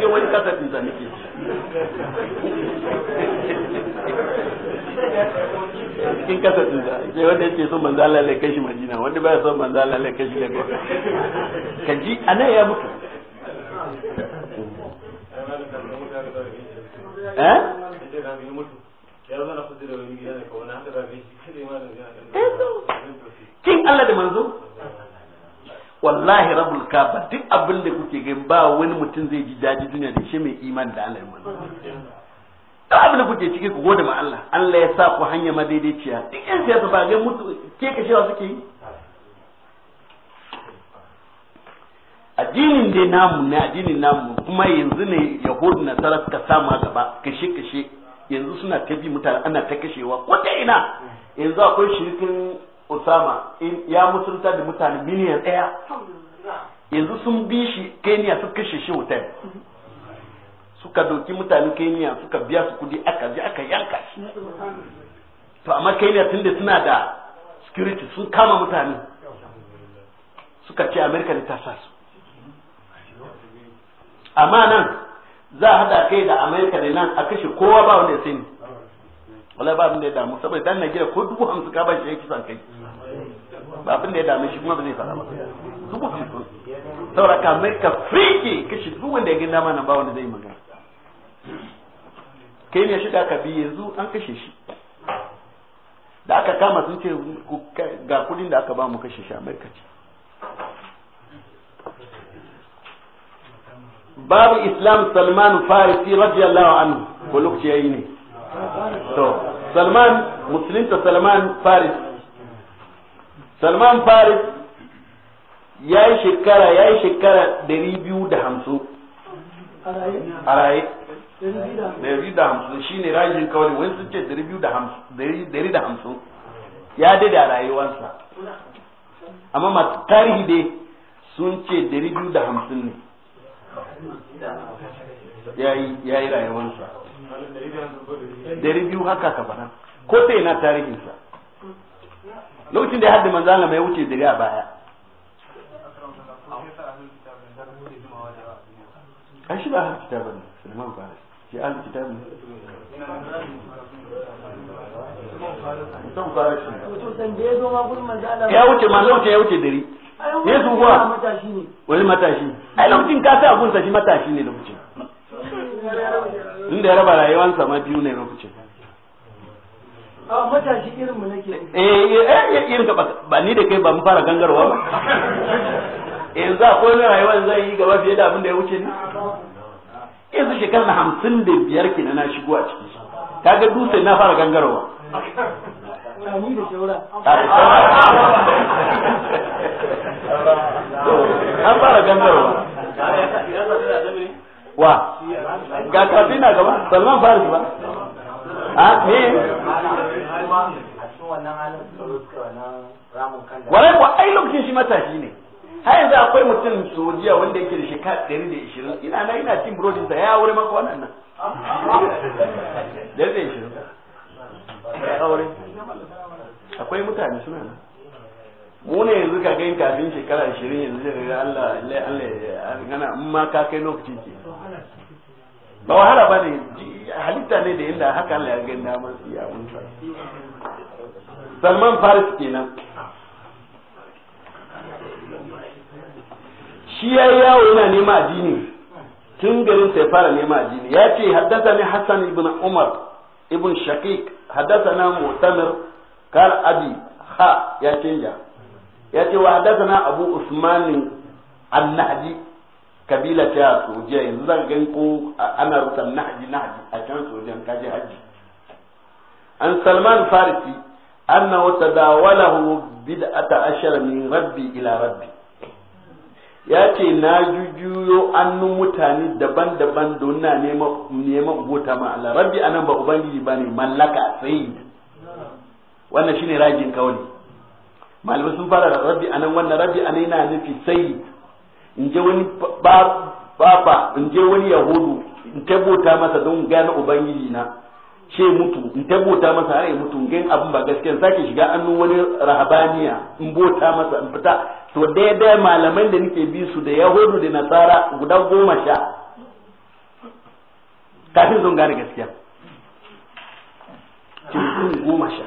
ke wani kasa din sa nake kin kasa din sa ke wanda yake son manzo Allah ya kai shi Madina wanda baya son manzo Allah ya kai shi Lagos ka ji anan ya mutu eh ya zo na kudu da wani gida ne ko na haka da bi sai ma da kin Allah da manzo wallahi rabul kaba duk abin da kuke gani ba wani mutum zai ji daji duniya da shi mai iman da Allah manzo duk abin da kuke ciki ku gode ma Allah Allah ya sa ku hanya ma daidaiciya duk yan siyasa ba ga mutu ke kashewa suke yi addinin dai namu ne addinin namu kuma yanzu ne yahudu nasara ka sama gaba kashe kashe yanzu suna ta bi mutane ana ta kashewa ko ta ina yanzu akwai shirkin Osama ya musulta da mutane miliyan ɗaya yanzu sun bi shi Kenya su kashe shi hotel suka doki mutane Kenya suka biya su kudi aka je aka yanka shi to amma Kenya tunda suna da security sun kama mutane suka ce Amerika da ta su amma nan za a hada kai da Amerika da nan a kashe kowa ba wanda ya sani wala ba abin da ya damu saboda dan na gida ko dubu hamsin ka ba shi yake san kai ba abin da ya damu shi kuma ba zai fara ba dubu hamsin saboda ka mai ka fike kashi duk wanda ya gina nan ba wanda zai magana kai ne da ka bi yanzu an kashe shi da aka kama sun ce ga kudin da aka ba mu kashe shi amerika ce babu islam salman farisi radiyallahu anhu ko lokaci yayi ne to salman musulunta salman faris salman faris ya yi shekara ya yi shekara dari biyu da hamsin a raye dari da hamsin shi ne rajin kawai wani sun ce dari biyu da hamsin ya dada rayuwarsa amma masu tarihi dai sun ce dari biyu da hamsin ne ya yi rayuwarsa dari biyu haka ka faɗa ko ta ina tarihinsa lokacin da ya haddi manzana mai wuce dari a baya a shi ba ahal kitab ne sulaiman faris shi ahal kitab ne ya wuce ma lokacin ya wuce dari ya su kuwa wani matashi ai lokacin ka sa abun shi matashi ne lokacin inda ya raba rayuwansa ma biyu ne lokacin matashi eh, eh, eh, irin mu nake eh ka ba ni da kai ba mu fara gangarwa ba yanzu ko wani rayuwar zai yi gaba fiye da abin da ya wuce ni yanzu shekar na hamsin da biyar kenan na shigo a ciki kaga dutse na fara gangarwa an fara gangarwa wa ga kafi na gaba salman faris ba a ne warai kuwa ai lokacin shi matashi ne har yanzu akwai mutum sojiya wanda yake da shekara 120 ina na ina cin brodin sa ya aure maka wannan nan da zai shi aure akwai mutane suna nan mu ne yanzu ka gani kafin shekara ashirin yanzu zai ga Allah Allah gana in ma ka kai lokaci ke ba wahala ba ne halitta ne da yanda haka Allah ya gani damar siya mun wunsa Salman Faris kenan shi ya yawo yana nema addini tun garin sai fara nema addini ya ce haddasa ne Hassan ibn Umar ibn Shaqiq haddasa na Mu'tamir kar abi ha ya canja ya ce wa hadathana abu usman an kabila ta sojiya yanzu zaka gani ko ana rubuta nahdi nahdi a can sojiyan kaje haji an salman farisi annahu tadawalahu bid'ata ashar min rabbi ila rabbi ya ce na jujuyo annun mutane daban-daban don na neman bota ma Allah rabbi anan ba ubangiji bane mallaka sai wannan shine rajin kawai malamai sun fara da rabi anan wannan rabi anan yana nufi sai in je wani baba in je wani yahudu in tabbata masa don gane ubangiji na ce mutu in tabbata masa har ya mutu gan abin ba gaskiya sake shiga annu wani rahabaniya in bota masa in fita to daidai malaman da nake bi su da yahudu da nasara guda goma sha kafin sun gane gaskiya cikin goma sha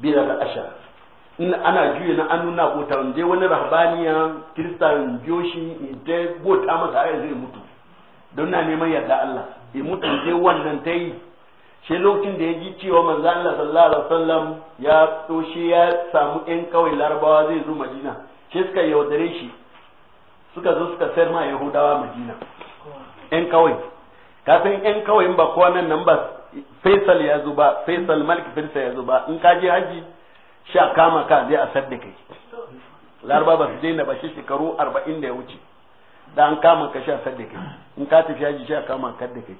biyar da ashara in ana juya na an nuna bota wanda wani rahabaniya kirista joshi biyo bota masa ai zai mutu don na neman yarda Allah ya mutu wannan ta yi shi lokacin da ya ji cewa manzo Allah sallallahu alaihi wasallam ya to ya samu ɗan kawai larabawa zai zo Madina shi suka yaudare shi suka zo suka sayar ma Yahudawa Madina ɗan kawai ka san ɗan kawai ba kowa nan nan ba Faisal ya zo ba Faisal Malik Faisal ya zo ba in ka je haji sha kama ka zai a sadda kai laraba ba su daina ba shi shekaru arba'in da ya wuce da an kama ka sha sadda kai in ka tafi haji sha kama ka da kai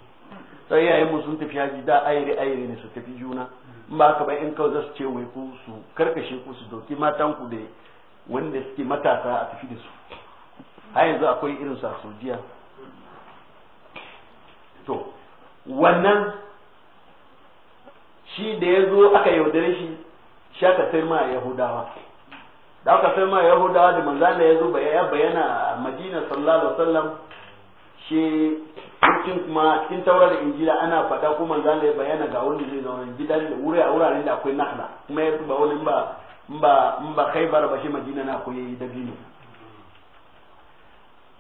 sai yayin mu sun tafi yaji da ayiri ayiri ne su tafi juna in ba ka ba in kawai za su ce wai ku su karkashe ku su doki matan ku da wanda suke matasa a tafi da su har yanzu akwai irin su a sojiya to wannan shi da ya zo aka yaudare shi Shaka sai ma yahudawa da aka sai ma yahudawa da manzana ya zo ya bayyana a madina sallallahu alaihi wasallam shi cikin kuma cikin taurar da injila ana faɗa ko manzana ya bayyana ga wani zai zauna gidan da wuri a wuraren da akwai nahla kuma ya ba wani ba ba ba khaybar ba shi madina na akwai dabino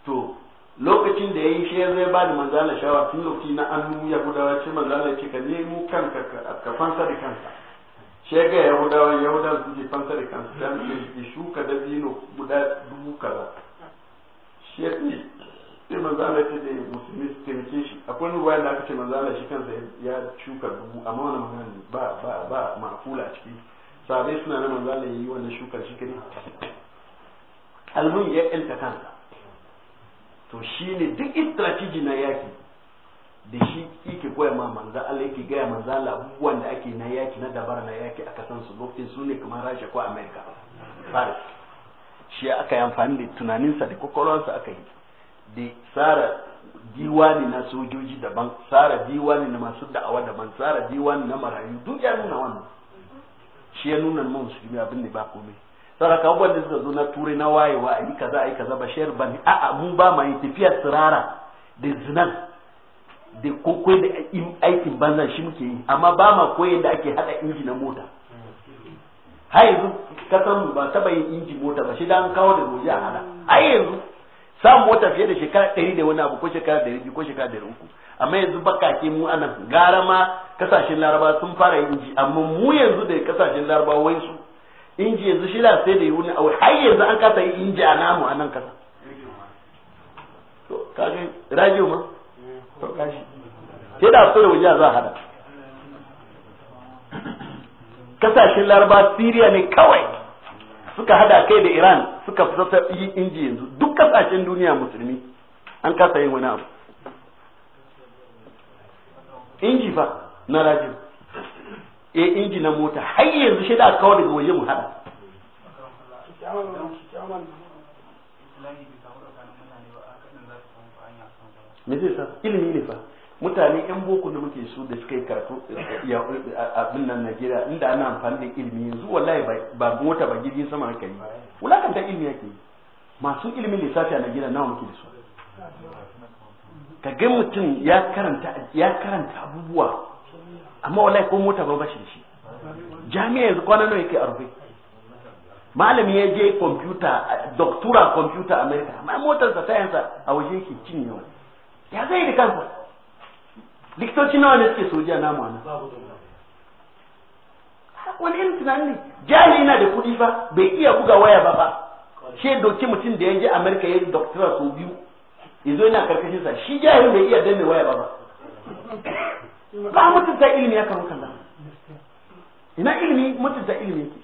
to lokacin da ya yi shi zai ba da manzana shawara tun lokaci na annu ya gudanar shi manzana ya ce ka nemo kanka ka fansa da kanka sai ga yahudawa yahudawa suke fansa da kansu da su ke shuka da zino guda dubu kaza shi ya ce sai manzana ce da musulmi su taimake shi akwai wani ruwa da aka ce manzana shi kansa ya shuka dubu amma wani magana ba ba ba ma'kula a ciki sabai suna na manzala yi wannan shukar shi kare almun ya yanta kansa to shi ne duk strategy na yaki da shi yake koya ma manzo Allah yake gaya manzo Allah abubuwan da ake na yaki na dabara na yaki a kasan su lokacin su ne kamar Rasha ko America Paris shi aka yi amfani da tunaninsa da kokolonsa aka yi da tsara diwani na sojoji daban tsara diwani na masu da'awa daban tsara diwani na marayu duk ya nuna wannan shi ya nuna mun su abin da ba komai saboda ka wanda da suka zo na ture na wayewa a yi kaza a yi kaza bashir bani a'a mun ba ma yi tafiya tsirara da zinan da koko da aikin banzan shi muke yi amma ba ma koyi da ake hada inji na mota har yanzu kasan ba taba yin inji mota ba shi da an kawo da roji a hada har yanzu samun mota fiye da shekara ɗari da wani abu ko shekara ɗari biyu ko shekara ɗari uku amma yanzu bakake mu anan gara ma kasashen laraba sun fara yin inji amma mu yanzu da kasashen laraba wai su inji yanzu shi sai da wani abu har yanzu an kasa yin inji a namu anan kasa. to kaga radio ma to kashi sai da akwai za a hada kasashen laraba siriya ne kawai suka hada kai da iran suka fita yi inji yanzu duk kasashen duniya musulmi an kasa yin wani abu inji fa na rajin e inji na mota har yanzu shi da kawai daga waje mu hada me zai sa ilimi ne fa mutane yan boko da muke su da suka yi karatu abin nan Najeriya inda ana amfani da ilimi yanzu wallahi ba mota ba jirgin sama haka yi wulakan da ilimi yake masu ilimin lissafi a Najeriya nawa muke da su ka ga mutum ya karanta ya karanta abubuwa amma wallahi ko mota ba ba shi da shi jami'a yanzu kwana nawa yake a rufe malami ya je computer doctora computer America amma motarsa science a waje yake cinyewa ya zai da kansa likitoci nawa ne suke sojiya na a nan wani irin tunani ne jami'i na da kuɗi ba bai iya buga waya ba ba shi doki mutum da ya je amerika ya yi doktora sau biyu ya zo yana karkashin sa shi jami'i bai iya danne waya ba ba ba mutunta ilimi ya kan kalla ina ilimi mutunta ilimi yake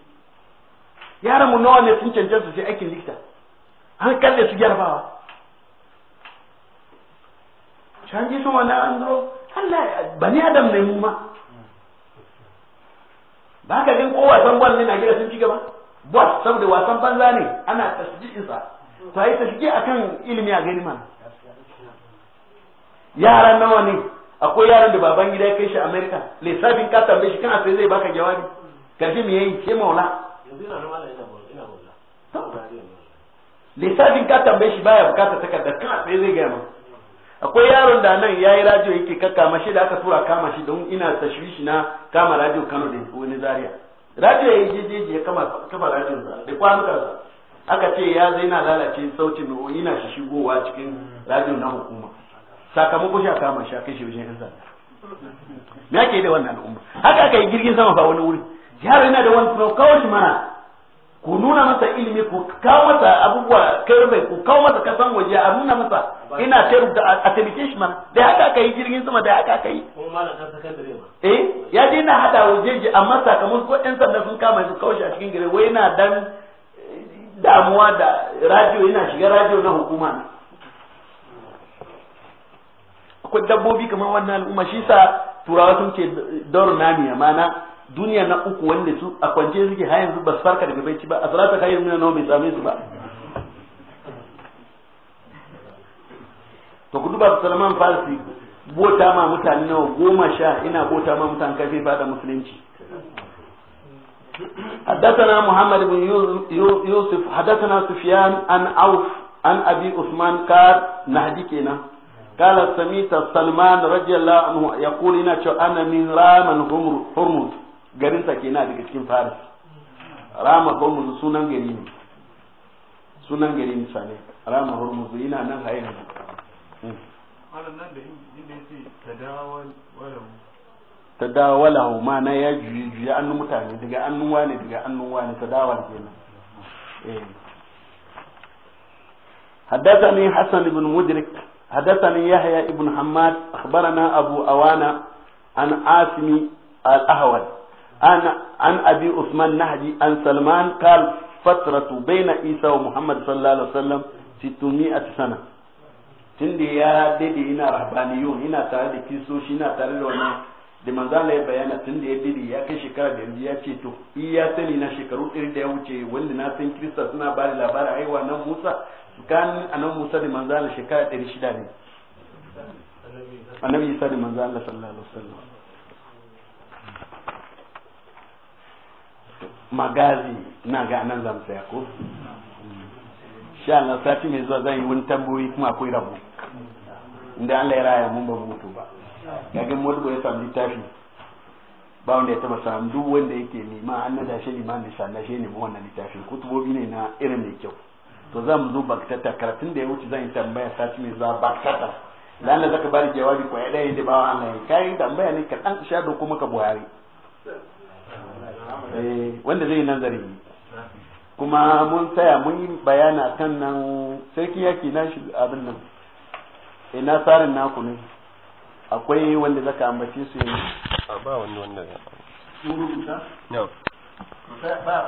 yaran mu nawa ne sun cancanta su sai aikin likita an kalle su jarabawa canji ji sun wannan an duro Allah bani adam ne mu ma ba ka jin ko wasan ball ne na gida sun ci gaba ball saboda wasan banza ne ana tasjiin sa to ai tasji akan ilimi a gani ma yaran nawa ne akwai yaran da baban gida ya kai shi America lissafin ka tambaye shi kana sai zai baka jawabi karshe me yayi sai maula lissafin ka tambaye shi baya bukatar takardar kana sai zai gaya maka akwai yaron da nan ya yi rajiyo yake kakka mashi da aka tura kama shi don ina tashwishi na kama rajiyo kano da wani zaria rajiyo ya yi jejeje ya kama rajiyon sa da kwanukansa aka ce ya zai na lalace sautin ina shi shigowa cikin rajiyo na hukuma sakamako sha kama shi kai shi wajen yan me ake da wannan al'umma haka aka yi jirgin sama ba wani wuri yaro yana da wani kawai mana ku nuna masa ilimi ku kawo masa abubuwa karfe ku kawo masa kasan waje a nuna masa ina teru rubuta a taimake shi mana da haka aka yi jirgin sama da haka aka yi eh ya je na hada wajeji amma sakamakon ko ɗan sanda sun kama su kawo shi a cikin gari wai na dan eh, damuwa da radio yana shiga radio na hukuma na akwai dabbobi kamar wannan al'umma shi sa turawa sun ce dor nami mana duniya na uku wanda su a kwance suke har yanzu ba su farka daga bacci ba a salata kayan nuna nawa bai same su ba to ku duba salman farsi bota ma mutane nawa goma sha ina bota ma mutane kai fada musulunci حدثنا محمد بن يوسف حدثنا سفيان عن عوف عن ابي عثمان قال نهدي كنا قال سميت سلمان رضي الله عنه يقول انا من رام هرمز garin sa kenan daga cikin faris rama hormuz sunan gari ne sunan gari ne sane rama hormuz yana nan hayin hmm. malam nan da yin da yake tadawalahu tadawalahu ma na ya juye juye annun mutane daga annun wani daga annun wani tadawal kenan حدثني حسن بن مدرك حدثني يحيى بن حماد أخبرنا أبو أوانا عن عاصم الأهول an abi usman nahdi an salman qal fatratu baina isa wa muhammad sallallahu alaihi wasallam 600 sana tunda ya dade ina rahbaniyun ina tare da kisoshi ina tare da wannan da manzo Allah ya bayana tunda ya dade ya kai shekara da yanzu ya ce to iya sani na shekaru ɗari da ya wuce wanda na san kirista suna ba da labarin aiwa anan Musa da manzo Allah shekara 600 ne annabi Isa da manzo Allah sallallahu magazi na ga nan zan saya ko sha Allah sati mai zuwa zan yi wani tambayoyi kuma akwai rabu inda Allah ya raya mun ba mutu ba kaga mulku ya samu littafi ba wanda ya taba samu duk wanda yake nema an nada shi liman da sha shi ne wannan littafi kutubobi ne na irin mai kyau to zan zo baktata karatun da ya wuce zan yi tambaya sati mai zuwa baktata da Allah zaka bari jawabi ko ya dai da bawa Allah kai tambaya ne ka dan sha da kuma ka buhari Eh. wanda zai nazari kuma mun tsaya mun yi bayana kan nan sarki yaki na shi abin nan ina tsarin naku ne akwai wanda zaka ambace su yanzu a ba wani wanda ya rubuta